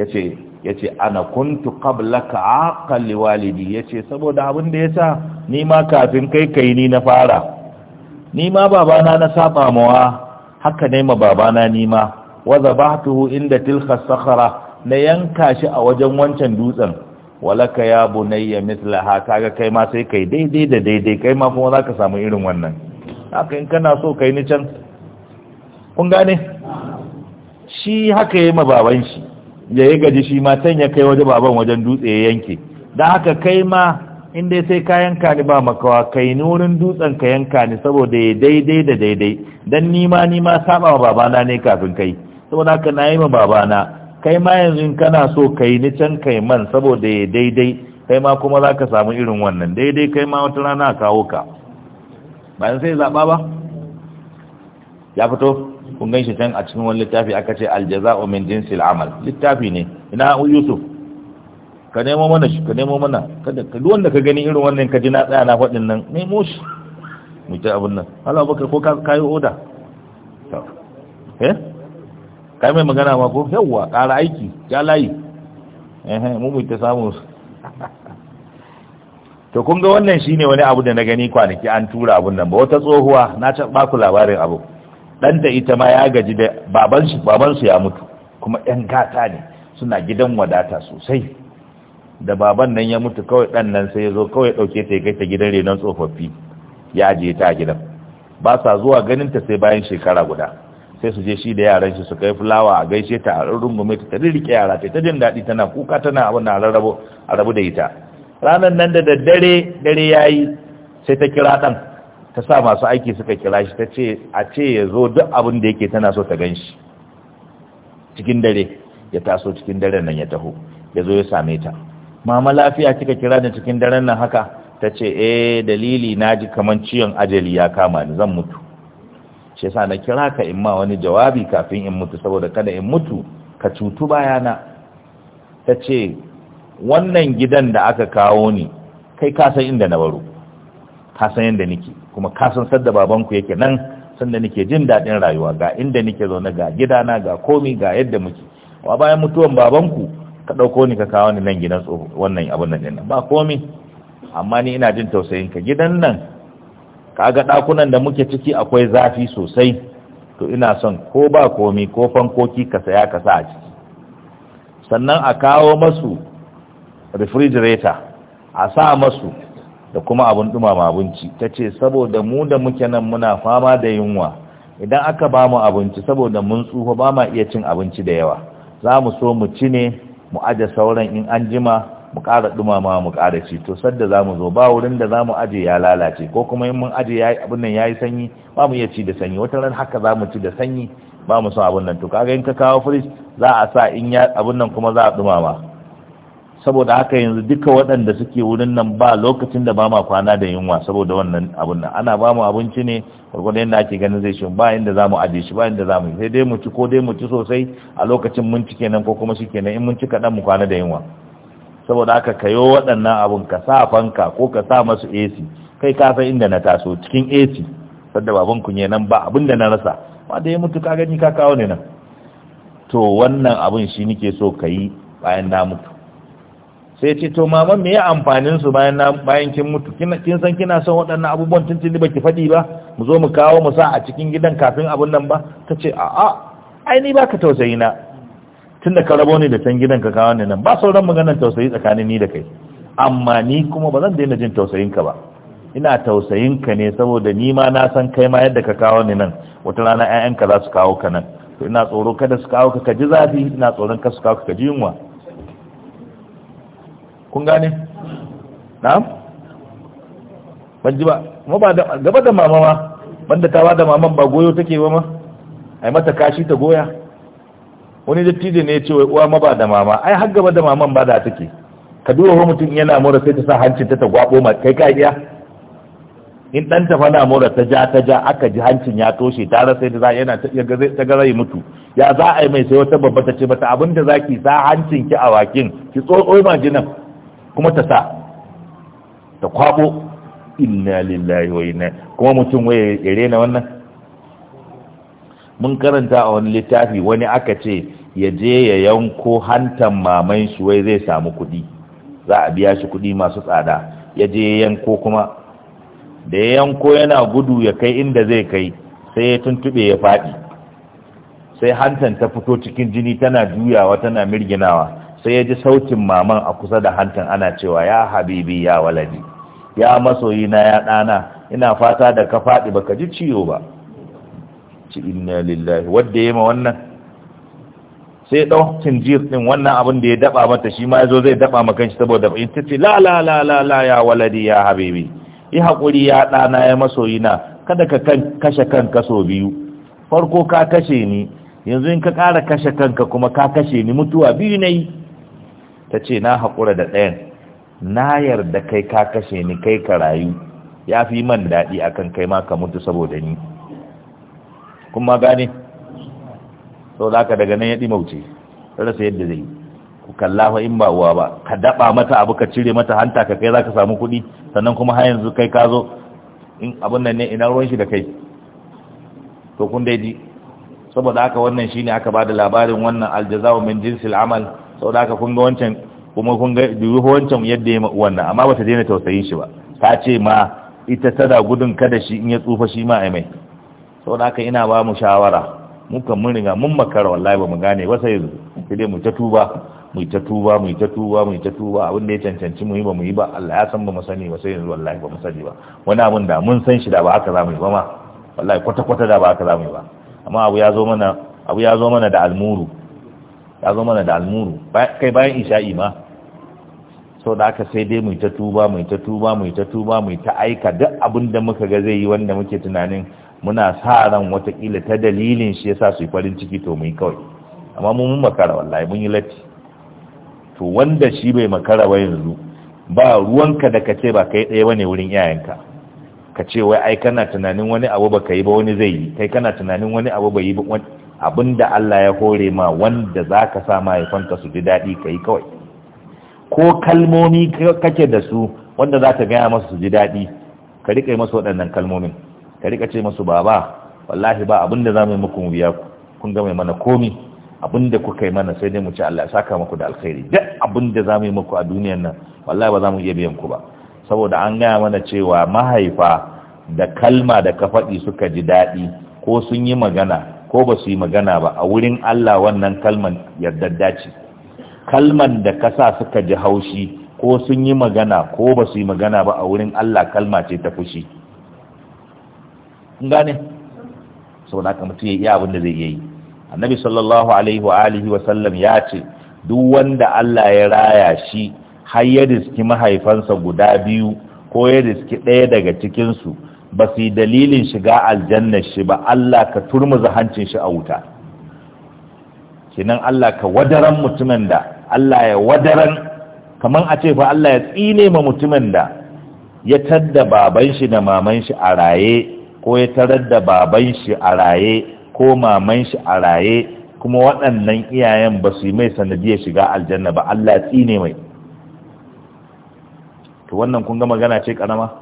[SPEAKER 1] ya ce ana kuntu qablaka aqalli walidi ya ce saboda abin da ya sa ni ma kafin kai kai ni na fara ni ma babana na saba mawa haka ne ma babana ni ma wa zabahtuhu inda tilka sakhara na yanka shi a wajen wancan dutsen walaka ya bunayya mithla ha kaga kai ma sai kai daidai da daidai kai ma kuma zaka samu irin wannan haka in kana so kai ni can kun gane shi haka yayi ma baban shi Ya yi gaji shi ma can ya kai waje baban wajen dutse ya yanke dan haka kai ma in dai sai ka yanka ni ba makawa kai ni wurin dutsen ka yanka ni saboda ya daidai da daidai dan ni ma ni ma saba wa babana ne kafin kai saboda haka na yi ma babana kai ma yanzu in kana so kai ni can kai man saboda ya daidai kai ma kuma za ka samu irin wannan daidai kai ma wata rana a kawo ka bayan sai zaɓa ba ya fito kun gan shi can a cikin wani littafi aka ce aljaza min jinsil amal littafi ne ina yusuf ka nemo mana shi ka nemo mana kada ka duk wanda ka gani irin wannan ka ji na tsaya na faɗin nan nemo shi mu ta abin nan Allah ko ka kayi oda eh kai mai magana ma ko yawwa ƙara aiki ya layi mu mu ta samu to kun ga wannan ne wani abu da na gani kwanaki an tura abun nan ba wata tsohuwa na can baku labarin abu dan da ita ma ya gaji da baban shi su ya mutu kuma ɗan gata ne suna gidan wadata sosai da baban nan ya mutu kawai ɗan nan sai ya zo kawai ɗauke ta ya kai ta gidan renon tsofaffi ya ajiye ta gidan ba sa zuwa ganin ta sai bayan shekara guda sai su je shi da yaran shi su kai fulawa a gaishe ta a rungume ta rike yara ta ta jin daɗi tana kuka tana abin da rarrabo a rabu da ita ranar nan da daddare dare yi sai ta kira ɗan ta sa masu aiki suka kira shi ta ce a ce ya zo duk abin da yake tana so ta gan shi cikin dare ya taso cikin daren nan ya taho ya zo ya same ta mama lafiya kika kira ni cikin daren nan haka ta ce eh dalili na ji kaman ciwon ajali ya kama ni zan mutu shi yasa na kira ka in ma wani jawabi kafin in mutu saboda kada in mutu ka cutu bayana ta ce wannan gidan da aka kawo ni kai kasan inda na baro kasan yadda nike, kuma kasan sadda babanku yake nan sanda nike jin daɗin rayuwa ga inda nike zaune ga gidana ga komi ga yadda muke wa bayan mutuwan babanku ka ɗauko ni ka kawo ni nan gidan wannan abin nan ba komi amma ni ina jin tausayin ka gidan nan kaga ɗakunan da muke ciki akwai zafi sosai to ina son ko ba komi ko fankoki ka saya ka sa a ciki sannan a kawo masu refrigerator a sa masu da kuma abin dumama abinci ta ce saboda mu da muke nan muna fama da yunwa idan aka ba mu abinci saboda mun tsufa ba ma iya cin abinci da yawa za mu so mu ci ne mu aje sauran in an jima mu ƙara dumama mu ƙara ci to sadda za mu zo ba wurin da za mu aje ya lalace ko kuma in mun aje abin nan ya yi sanyi ba mu iya ci da sanyi wata ran haka za mu ci da sanyi ba mu son abin nan to kaga in ka kawo firij za a sa in ya abin nan kuma za a dumama saboda haka yanzu duka waɗanda suke wurin nan ba lokacin da ba ma kwana da yunwa saboda wannan abun nan ana ba mu abinci ne gwargwadon yadda ake ganin zai shi ba inda za mu aje shi ba inda za mu yi sai dai mu ci ko dai mu ci sosai a lokacin mun ci kenan ko kuma shi kenan in mun ci kaɗan mu kwana da yunwa saboda aka kayo waɗannan abun ka sa fanka ko ka sa masu AC kai ka san inda na taso cikin AC sadda baban ku ne nan ba abin da na rasa Ba da ya mutu ka gani ka kawo ne nan to wannan abin shi nake so ka yi bayan na mutu sai ce to maman me ya amfanin su bayan na bayan kin mutu kin san kina son waɗannan abubuwan tuntuni ki faɗi ba mu zo mu kawo mu sa a cikin gidan kafin abun nan ba tace a a ai ni baka tausayi na tun da ka rabo ni da can gidan ka kawo ni nan ba sauran maganar tausayi tsakanin ni da kai amma ni kuma ba zan daina jin tausayin ka ba ina tausayin ka ne saboda ni ma na san kai ma yadda ka kawo ni nan wata rana ƴaƴan ka za su kawo ka nan to ina tsoro kada su kawo ka ka ji zafi ina tsoron ka su kawo ka ka ji yunwa kun gane na'am ban ji ba kuma ba gaba da mama ma banda ta ba da maman ba goyo take ba ma ai mata kashi ta goya wani dattijo ne ya ce wai uwa ma ba da mama ai har gaba da maman ba da take ka duba wa mutum yana mura sai ta sa hancin ta ta gwabo ma kai ka iya in dan ta fana mura ta ja ta ja aka ji hancin ya toshe ta rasa da yana ta ga zai mutu ya za a yi mai sai wata babba ta ce mata abin da za ki sa hancin ki a wakin ki tsotso ma jinan kuma ta sa ta kwabo inna lillahi wa inna kuma mutum waye ya rena wannan mun karanta a wani littafi wani aka ce ya je ya yanko hantan maman shi wai zai samu kudi, za a biya shi kudi masu tsada ya je ya yanko kuma da ya yanko yana gudu ya kai inda zai kai sai ya tuntube ya faɗi sai hantan ta fito cikin jini tana juyawa tana mirginawa sai ya ji sautin maman a kusa da hantan ana cewa ya habibi ya waladi ya masoyi na ya ɗana ina fata da ka faɗi baka ji ciwo ba ci inna lillahi wadda ya ma wannan sai ɗau tinjir ɗin wannan abin da ya daɓa mata shi ma yazo zai daba maka shi saboda in ta ce la la la la la ya waladi ya habibi yi haƙuri ya ɗana ya na kada ka kashe kanka kaso biyu farko ka kashe ni yanzu in ka ƙara kashe kanka kuma ka kashe ni mutuwa biyu na yi ta ce na hakura da ɗayan na yarda kai ka kashe ni kai ka rayu ya fi man daɗi akan kai ma ka mutu saboda ni kuma gane sau da aka daga nan ya ɗimauce rasa yadda zai ku kalla fa in ba uwa ba ka daɓa mata abu ka cire mata hanta ka kai za ka samu kuɗi sannan kuma har yanzu kai ka zo in abin nan ne ina ruwan shi da kai to kun dai ji saboda haka wannan shine aka bada labarin wannan aljazawa min jinsil amal da haka kun ga wancan kuma kun ga duhu wancan yadda ya wannan amma bata daina tausayin shi ba ta ce ma ita tana gudun kada shi in ya tsufa shi ma ai mai saboda haka ina ba mu shawara muka mun riga mun makara wallahi ba mu gane ba sai sai dai mu ta tuba mu ta tuba mu ta tuba mu ta tuba abin da ya cancanci mu yi ba mu yi ba Allah ya san ba mu sani ba sai yanzu wallahi ba mu sani ba wani abin da mun san shi da ba haka za mu yi ba ma wallahi kwata kwata da ba haka za mu yi ba amma abu ya zo mana abu ya zo mana da almuru ya zo mana da almuru kai bayan isha'i ma sau da aka sai dai mu ta tuba mu ta tuba mu ta tuba mu ta aika duk abin da muka ga zai yi wanda muke tunanin muna sa ran watakila ta dalilin shi yasa su yi farin ciki to mu yi kawai amma mun makara wallahi mun yi latti to wanda shi bai makara wa yanzu ba ruwanka da ka ce ba kai ɗaya bane wurin iyayenka ka ce wai ai kana tunanin wani abu ba ka yi ba wani zai yi kai kana tunanin wani abu ba yi ba abinda Allah ya hore ma wanda zaka sa mahaifanka su ji daɗi yi kawai ko kalmomi kake da su wanda za ta gaya masu su ji daɗi ka riƙe masu waɗannan kalmomin ka rika ce masu baba wallahi ba abinda za mu yi muku biya ku kun ga mai mana komi da kuka yi mana sai dai mu ci Allah ya saka muku da alkhairi duk abinda za mu yi muku a duniyar nan wallahi ba za mu iya biyan ku ba saboda an gaya mana cewa mahaifa da kalma da ka faɗi suka ji daɗi ko sun yi magana ko ba su yi magana ba a wurin Allah wannan kalman yardadda dace kalman da ka sa suka ji haushi ko sun yi magana ko ba su yi magana ba a wurin Allah kalma ce ta fushi kun gane saboda haka mutum ya iya abin da zai yi annabi sallallahu alaihi wa alihi wa sallam ya ce duk wanda Allah ya raya shi har ya riski mahaifansa guda biyu ko ya riski ɗaya daga cikinsu ba su yi dalilin shiga aljannar shi ba Allah ka turmuza hancin shi a wuta kinan Allah ka wadaran mutumin da Allah ya wadaran Kamar a ce fa Allah ya tsine ma mutumin da ya tadda baban shi da maman shi a raye ko ya tarar da baban shi a raye ko maman shi a raye kuma waɗannan iyayen ba su yi mai sanadiyar shiga aljanna ba Allah tsine mai to wannan kun ga magana ce karama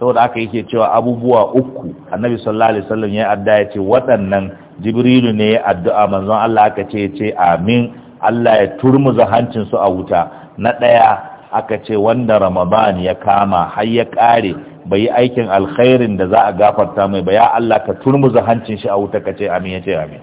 [SPEAKER 1] saboda aka yake cewa abubuwa uku annabi sallallahu alaihi wasallam ya adda ya ce waɗannan jibrilu ne ya addu'a manzon Allah aka ce ya ce amin Allah ya turmuza hancin su a wuta na ɗaya aka ce wanda ramadan ya kama har ya kare. bai yi aikin alkhairin da za a gafarta mai ba ya Allah ka turmuza hancin shi a wuta ka ce amin ya ce amin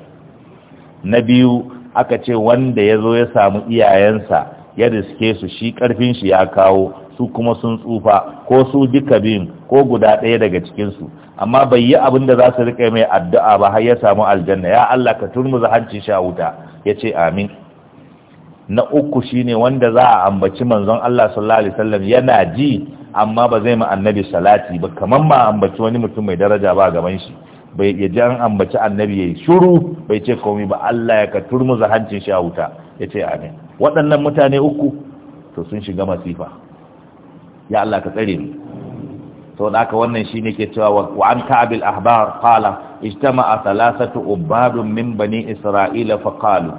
[SPEAKER 1] na biyu aka ce wanda ya zo ya samu iyayensa ya riske su shi karfin shi ya kawo su kuma sun tsufa ko su duka biyun ko guda ɗaya daga cikinsu amma bai yi abin da za su riƙe mai addu'a ba har ya samu aljanna ya Allah ka turmuza hancin shi a wuta ya ce amin na uku shine wanda za a ambaci manzon Allah sallallahu alaihi wasallam yana ji amma ba zai ma annabi salati ba kamar ma ambaci wani mutum mai daraja ba gaban shi bai ya ji an ambaci annabi yayi shiru bai ce komai ba Allah ya ka turmuza hancin shi a wuta yace amin waɗannan mutane uku to sun shiga masifa ya Allah ka tsare mu to da haka wannan shine ke cewa wa an kabil ahbar qala ijtama'a salasatu ubadun min bani isra'ila fa qalu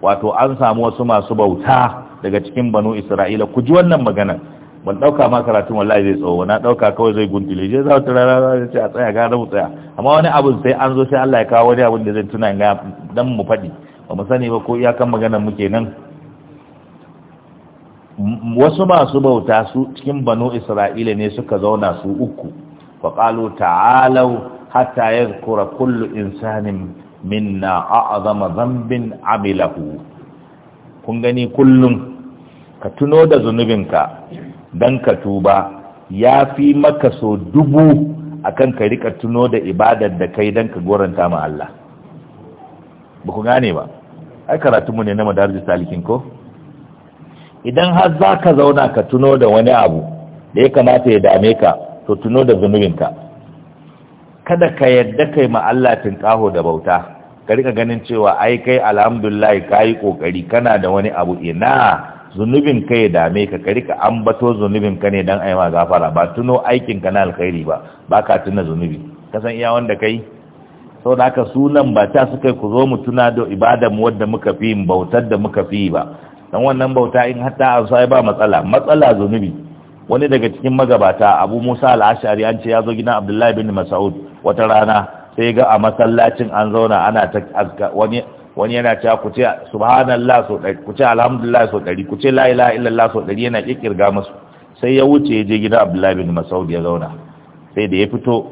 [SPEAKER 1] wato an samu wasu masu bauta daga cikin banu isra'ila ku ji wannan maganar. ban dauka ma karatun wallahi zai tsawo na dauka kawai zai guntule je za ta rara zai ce a tsaya ga mu tsaya amma wani abu sai an zo sai Allah ya kawo wani abun da zai tuna ga dan mu fadi ba mu sani ba ko iyakan maganar mu nan wasu masu bauta su cikin banu Isra'ila ne suka zauna su uku fa qalu ta'alu hatta yadhkura kullu insanin minna a'zama dhanbin amilahu kun gani kullum ka tuno da zunubinka don ka tuba ya fi maka so
[SPEAKER 2] dubu
[SPEAKER 1] akan ka rika tuno da ibadar da kai don ka goranta ma Allah ba ku gane ba ai karatunmu ne na madarajin salikin ko idan har za ka zauna ka tuno da wani abu da ya kamata ya dame ka to tuno da zunubinka kada ka yadda kai ma Allah tinkaho da bauta ka rika ganin cewa ai kai alhamdulillah kayi yi kokari kana da wani abu ina zunubin ka ya dame ka kari ka ambato zunubin ka ne dan ai gafara ba tuno aikin ka na alkhairi ba ba ka tuna zunubi Ka san iya wanda kai sau da aka sunan ba ta suka ku zo mu tuna da ibada mu wadda muka fi bautar da muka fi ba dan wannan bauta in hatta an sai ba matsala matsala zunubi wani daga cikin magabata Abu Musa al-Ash'ari an ce ya zo gidan Abdullahi bin Mas'ud wata rana sai ga a masallacin an zauna ana ta wani wani yana cewa ku ce subhanallah so ɗari ku ce alhamdulillah so ɗari ku ce la illallah so ɗari yana kikirga musu sai ya wuce ya je gidan abdullahi bin masaud ya zauna sai da ya fito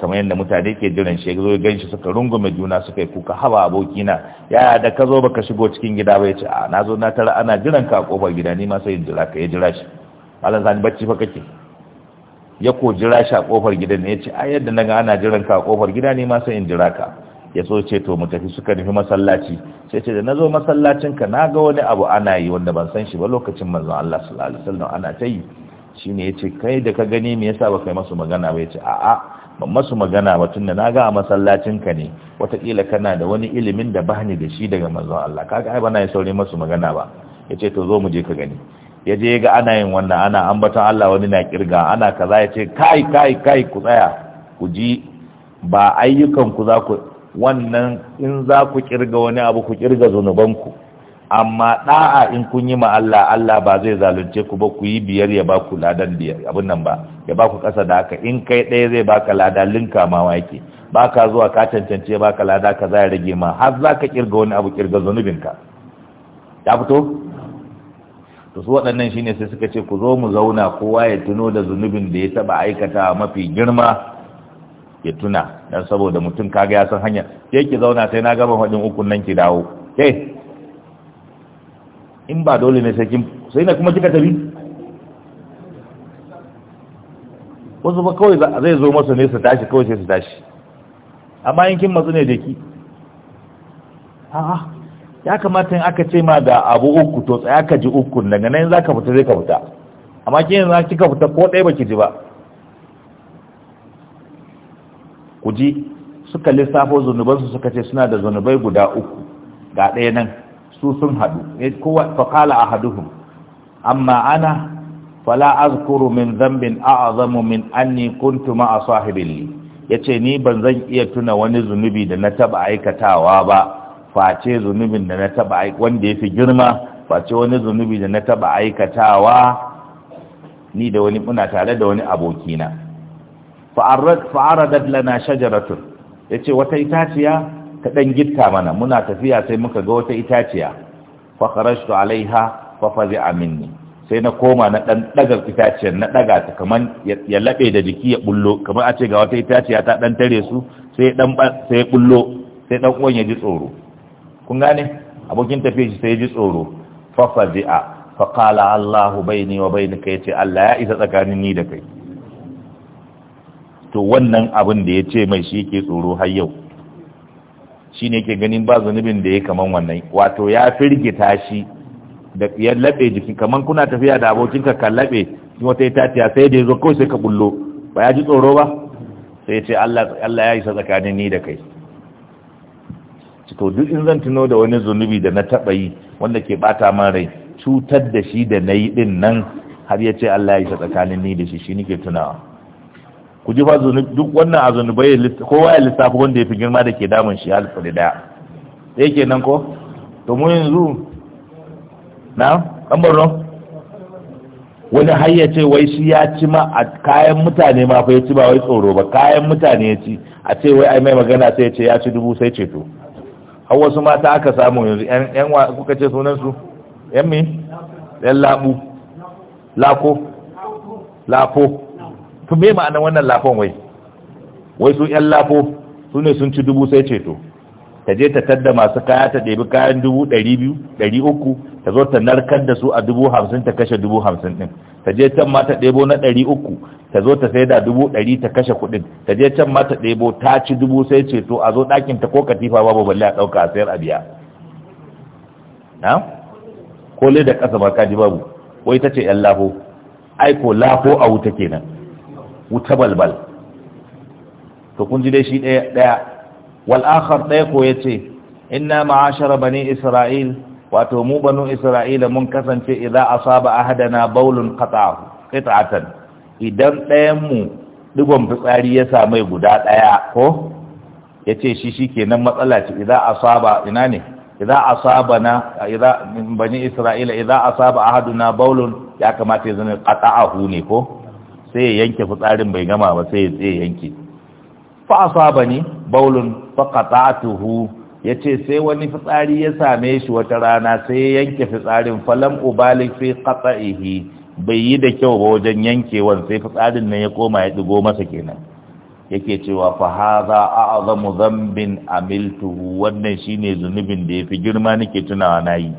[SPEAKER 1] kamar yadda mutane ke jiran shi zo gan shi suka rungume juna suka yi kuka haba abokina yaya da ka zo baka shigo cikin gida ba ya ce a na zo na tara ana jiran ka a kofar gida ni ma sai jira ka ya jira shi malam zani bacci fa kake ya ko jira shi a kofar gidan ne ya ce a yadda na ga ana jiran ka a kofar gida ni ma sai jira ka ya so ce to mu tafi suka nufi masallaci sai ce da zo masallacin ka na ga wani abu ana yi wanda ban san shi ba lokacin manzo Allah sallallahu alaihi wasallam ana ta yi shine ce kai da ka gani me yasa ba kai masu magana ba Ya ce a'a ban masu magana ba tunda na ga a masallacin ka ne wataƙila kana da wani ilimin da bani da shi daga manzo Allah kaga ai na yi saurin masu magana ba Ya ce to zo mu je ka gani ya je ga ana yin wannan ana ambaton Allah wani na kirga ana kaza ya ce kai kai kai ku tsaya ku ji ba ayyukan ku za ku wannan in za ku kirga wani abu ku kirga zunubanku amma da'a in kun yi ma Allah Allah ba zai zalunce ku ba ku yi biyar ya ba ku ladan biyar abin nan ba ya ba ku kasa da haka in kai ɗaya zai ba ka lada linka ma wake ba ka zuwa ka cancance ba ka lada ka za ya rage ma har za ka kirga wani abu kirga zunubinka ya fito to su waɗannan shine sai suka ce ku zo mu zauna kowa ya tuno da zunubin da ya taɓa aikata mafi girma ya tuna dan saboda mutum kaga ya san hanya ke ki zauna sai na gama hadin ukun nan ki dawo ke in ba dole ne sai kin sai na kuma kika tabi wasu ba kawai zai zo masa ne su tashi kawai sai su tashi amma in kin matsu ne da ki a'a ya kamata in aka ce ma da abu uku to tsaya ka ji uku daga nan za ka fita zai ka fita amma kin yanzu kika fita ko ɗaya baki ji ba ku suka lissafo zunubansu suka ce suna da zunubai guda uku ga ɗaya nan su sun haɗu eh, kowa faƙala a haduhun amma ana fala azkuru min zambin azamu min anni kuntu ma'a sahibin li yace ni ban zan iya tuna wani zunubi da na taba aikatawa ba face zunubin da na taba wanda yafi girma face wani zunubi da na taba aikatawa ni da wani muna tare da wani abokina fa'aradat lana shajaratun yace wata itaciya ta ɗan gitta mana muna tafiya sai muka ga wata itaciya fa kharajtu alaiha fa fazi'a minni sai na koma na dan daga itaciyar na daga ta kaman ya labe da jiki ya bullo kamar a ce ga wata itaciya ta dan tare su sai dan sai bullo sai dan uwan ya ji tsoro kun gane abokin tafiya shi sai ya ji tsoro fa fazi'a fa qala Allahu baini wa bainaka yace Allah ya isa tsakanin ni da kai to wannan abin da ya ce mai shi ke tsoro har yau shi ne ke ganin ba zunubin da ya kaman wannan wato ya firgita shi da ya laɓe jiki kaman kuna tafiya da abokin ka laɓe shi wata ya tatiya sai da ya zo kawai sai ka bullo ba ya ji tsoro ba sai ya ce Allah ya isa tsakanin ni da kai to duk in zan tuno da wani zunubi da na taɓa yi wanda ke ɓata man rai cutar da shi da na yi ɗin nan har ya ce Allah ya isa tsakanin ni da shi shi nike tunawa ku ji fa duk wannan a zunubai kowa ya lissafi wanda ya fi girma da ke damun shi alfa da daya ɗaya kenan ko to mu yanzu na an barno wani hayya ce wai shi ya ci ma a kayan mutane ma fa ya ci ba wai tsoro ba kayan mutane ya ci a ce wai ai mai magana sai ya ce ya ci dubu sai ceto har wasu mata aka samu yanzu yan wa kuka ce sunansu yan mi yan labu lako lafo to me ma'anar wannan lafon wai wai su yan lafo su ne sun ci dubu sai ceto ta je ta tadda masu kaya ta ɗebi kayan dubu ɗari biyu ɗari uku ta zo ta narkar da su a dubu hamsin ta kashe dubu hamsin ɗin ta je can ma ta ɗebo na ɗari uku ta zo ta saida dubu ɗari ta kashe kuɗin ta je can ma ta ɗebo ta ci dubu sai ceto a zo ɗakin ta ko katifa babu balle a ɗauka a sayar a biya na ko da ƙasa ba ji babu wai ta ce ‘yan lafo aiko lafo a wuta kenan wuta balbal to kun ji dai shi ɗaya ɗaya wal akhar ɗaya ko ya yace inna ma'ashara bani isra'il wato mu banu isra'ila mun kasance idza asaba ahadana baulun qata'ahu qita'atan idan ɗayan mu digon fitsari ya samu guda ɗaya ko Ya ce shi shi shikenan matsala ce idza asaba ina ne idza asabana idan bani isra'ila idza asaba ahaduna baulun ya kamata ya zama qata'ahu ne ko sai ya yanke fitsarin bai gama ba sai ya tsaye yanke fa asaba ni baulun fa qata'tuhu yace sai wani fitsari ya same shi wata rana sai ya yanke fitsarin falam ubalik fi qata'ihi bai yi da kyau ba wajen yankewan sai fitsarin nan ya koma ya digo masa kenan yake cewa fa hadha a'zamu dhanbin amiltuhu wannan shine zunubin da yafi girma nake tunawa nayi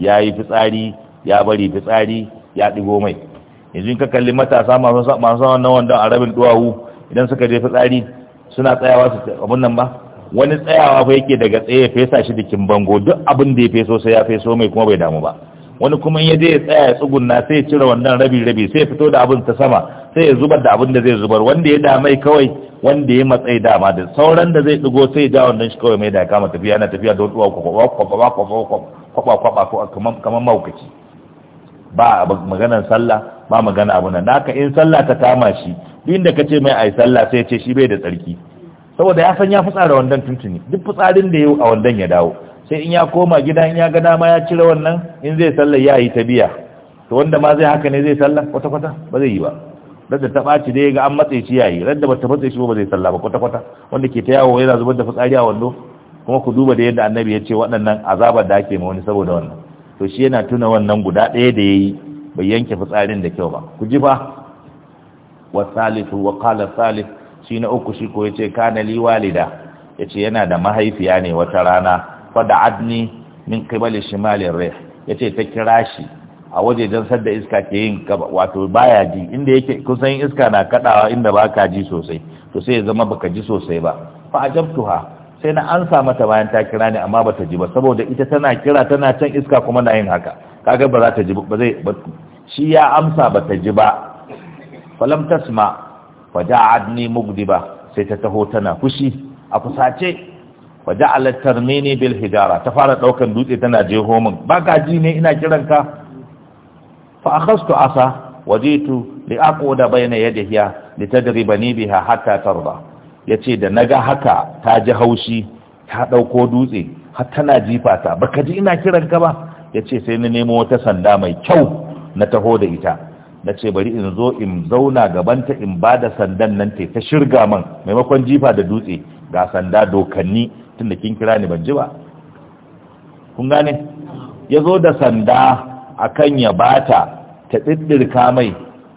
[SPEAKER 1] yayi fitsari ya bari fitsari ya digo mai yanzu ka kalli matasa masu wannan wanda a rabin duwawu idan suka je fitsari suna tsayawa su abun nan ba wani tsayawa fa yake daga tsaye ya fesa shi dikin bango duk abin da ya feso sai ya feso mai kuma bai damu ba wani kuma ya je ya tsaya ya tsugunna sai ya cire wannan rabi rabi sai ya fito da abin ta sama sai ya zubar da abin da zai zubar wanda ya damai kawai wanda ya matsayi dama da sauran da zai dugo sai ya ja wannan shi kawai mai da kama tafiya na tafiya don da ko kwakwa ko kamar maukaci ba maganar sallah ba magana abu nan haka in sallah ta kama shi duk da kace mai ai sallah sai ya ce shi bai da tsarki saboda ya san ya fitsara wandan tuntuni duk fitsarin da yau a wandan ya dawo sai in ya koma gida in ya ga dama ya cire wannan in zai sallah ya yi ta biya to wanda ma zai haka ne zai sallah kwata kwata ba zai yi ba radda ta ɓaci dai ga an matse shi yayi radda ba ta matse shi ba zai sallah ba kwata kwata wanda ke ta yawo yana zubar da fitsari a wando kuma ku duba da yadda annabi ya ce waɗannan azabar da ake ma wani saboda wannan to shi yana tuna wannan guda ɗaya da ya yi bai yanke fitsarin da kyau ba ku ji ba wa salisu wa qala salih shi na uku shi ko yace kana li walida yace yana da mahaifiya ne wata rana fa da'adni min qibali shimalir rih yace ta kira shi a waje dan sadda iska ke yin wato baya ji inda yake kusan iska na kadawa inda baka ji sosai to sai ya zama baka ji sosai ba fa ajabtuha sai na ansa mata bayan ta kira ni amma bata ji ba saboda ita tana kira tana can iska kuma na yin haka kaga ba za ta ji ba zai shi ya amsa ba ta ji ba falam tasma faja'at ni mugdiba sai ta taho tana fushi a fusace ja'alat tarmini bil hijara ta fara daukan dutse tana jeho homin ba gaji ne ina kiranka fa akhastu asa wajitu li aquda bayna yadihi li tadribani biha hatta tarda yace da naga haka ta ji haushi ta dauko dutse har tana jifa ta baka ji ina kiranka ba ya ce sai na nemo wata sanda mai kyau na taho da ita na ce bari in zo in zauna gabanta in ba da sandan nan te ta shirga man maimakon jifa da dutse ga sanda dokanni tun da kin kira ni ban ji ba kun gane ya zo da sanda akan ya ba ta ta ɗiɗɗirka mai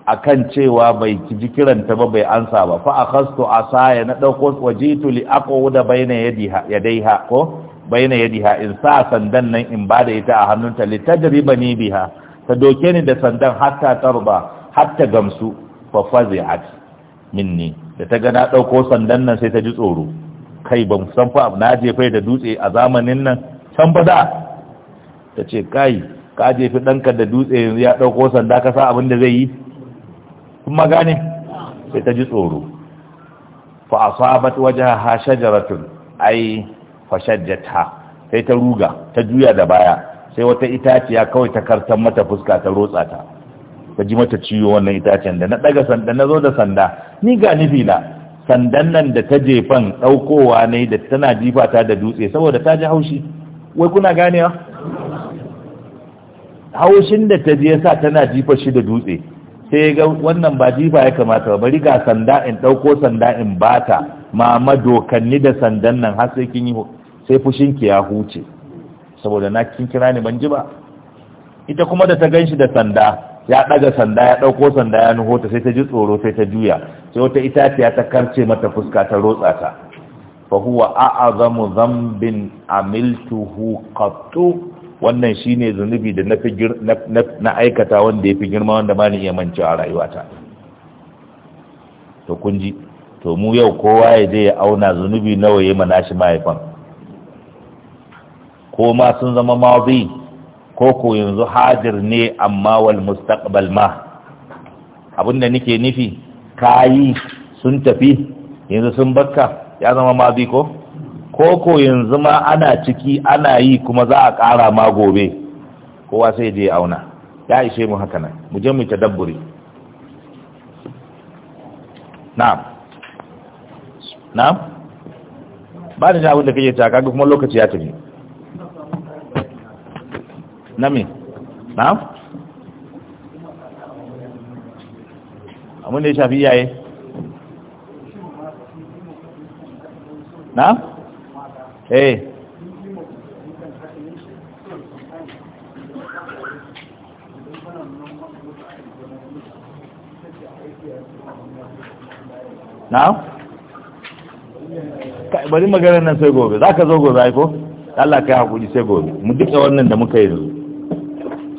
[SPEAKER 1] a kan cewa bai ji kiranta ba bai ansa ba fa a a asaya na ɗauko wajitu li bai baina yadiha ha, ko bayna yadiha in sa sandan nan in ba da ita a hannunta ba ni biha ta doke ni da sandan hatta tarba hatta gamsu fa fazi'at minni da ta ga na dauko sandan nan sai ta ji tsoro kai ban san fa na jefe da dutse a zamanin nan can ba da ta ce kai ka jefi ɗanka da dutse yanzu ya ɗauko sanda ka sa abin da zai yi kun magane sai ta ji tsoro fa asabat wajaha shajaratun ai fashajjata sai ta ruga ta juya da baya sai wata itaciya kawai ta kartan mata fuska ta rotsa ta ta ji mata ciwo wannan itacen da na daga sanda na zo da sanda ni ga nufi na sandan nan da ta jefan daukowa ne da tana jifata da dutse saboda ta ji haushi wai kuna ganewa haushin da ta ji yasa tana jifa shi da dutse sai ga wannan ba jifa ya kamata ba bari ga sanda in dauko sanda in bata mama madokanni da sandan nan har sai kin yi sai fushin ki ya huce saboda na kin kira ni ban ji ba ita kuma da ta ganshi da sanda ya ɗaga sanda ya ɗauko sanda ya nuho ta sai ta ji tsoro sai ta juya sai wata itaciya ta karce mata fuska ta rotsa ta fa huwa a'azamu dhanbin amiltuhu qattu wannan shine zunubi da na na aikata wanda yafi girma wanda ba ni iya mancewa a rayuwata to kun ji to mu yau kowa ya je ya auna zunubi nawa yayi mana shi mahaifan ko ma sun zama mazi ko ko yanzu hajir ne amma wal mustaqbal ma abinda nake nufi kayi sun tafi yanzu sun bakka ya zama mazi ko ko ko yanzu ma ana ciki ana yi kuma za a kara ma gobe kowa sai je auna ya ishe mu haka nan mu je mu tadabburi na'am na'am ba da abin da kake ta kaga kuma lokaci ya tafi na me na'am abin da ya shafi iyaye na eh na'am bari magana nan sai gobe za ka zo gobe aiko Allah ka yi haƙuri sai gobe mu duka wannan da muka yi yanzu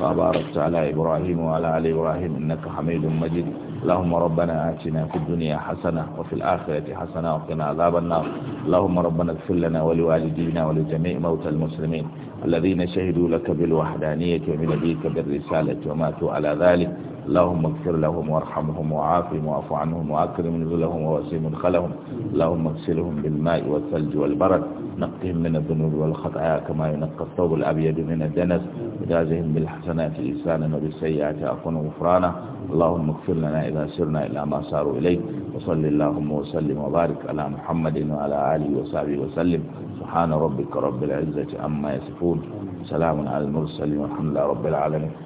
[SPEAKER 1] وباركت على إبراهيم وعلى علي إبراهيم إنك حميد مجيد اللهم ربنا آتنا في الدنيا حسنة وفي الآخرة حسنة وقنا عذاب النار اللهم ربنا اغفر لنا ولوالدينا ولجميع موتى المسلمين الذين شهدوا لك بالوحدانية وبنبيك بالرسالة وماتوا على ذلك اللهم اغفر لهم وارحمهم وعافهم واعف عنهم واكرم نزلهم ووسع مدخلهم اللهم اغسلهم بالماء والثلج والبرد نقهم من الذنوب والخطايا كما ينقى الثوب الابيض من الدنس وجازهم بالحسن الحسنات إحسانا وبالسيئات عفوا وغفرانا اللهم اغفر لنا إذا سرنا إلى ما ساروا إليه وصل اللهم وسلم وبارك على محمد وعلى آله وصحبه
[SPEAKER 2] وسلم سبحان ربك رب العزة عما يصفون سلام على المرسلين والحمد لله رب العالمين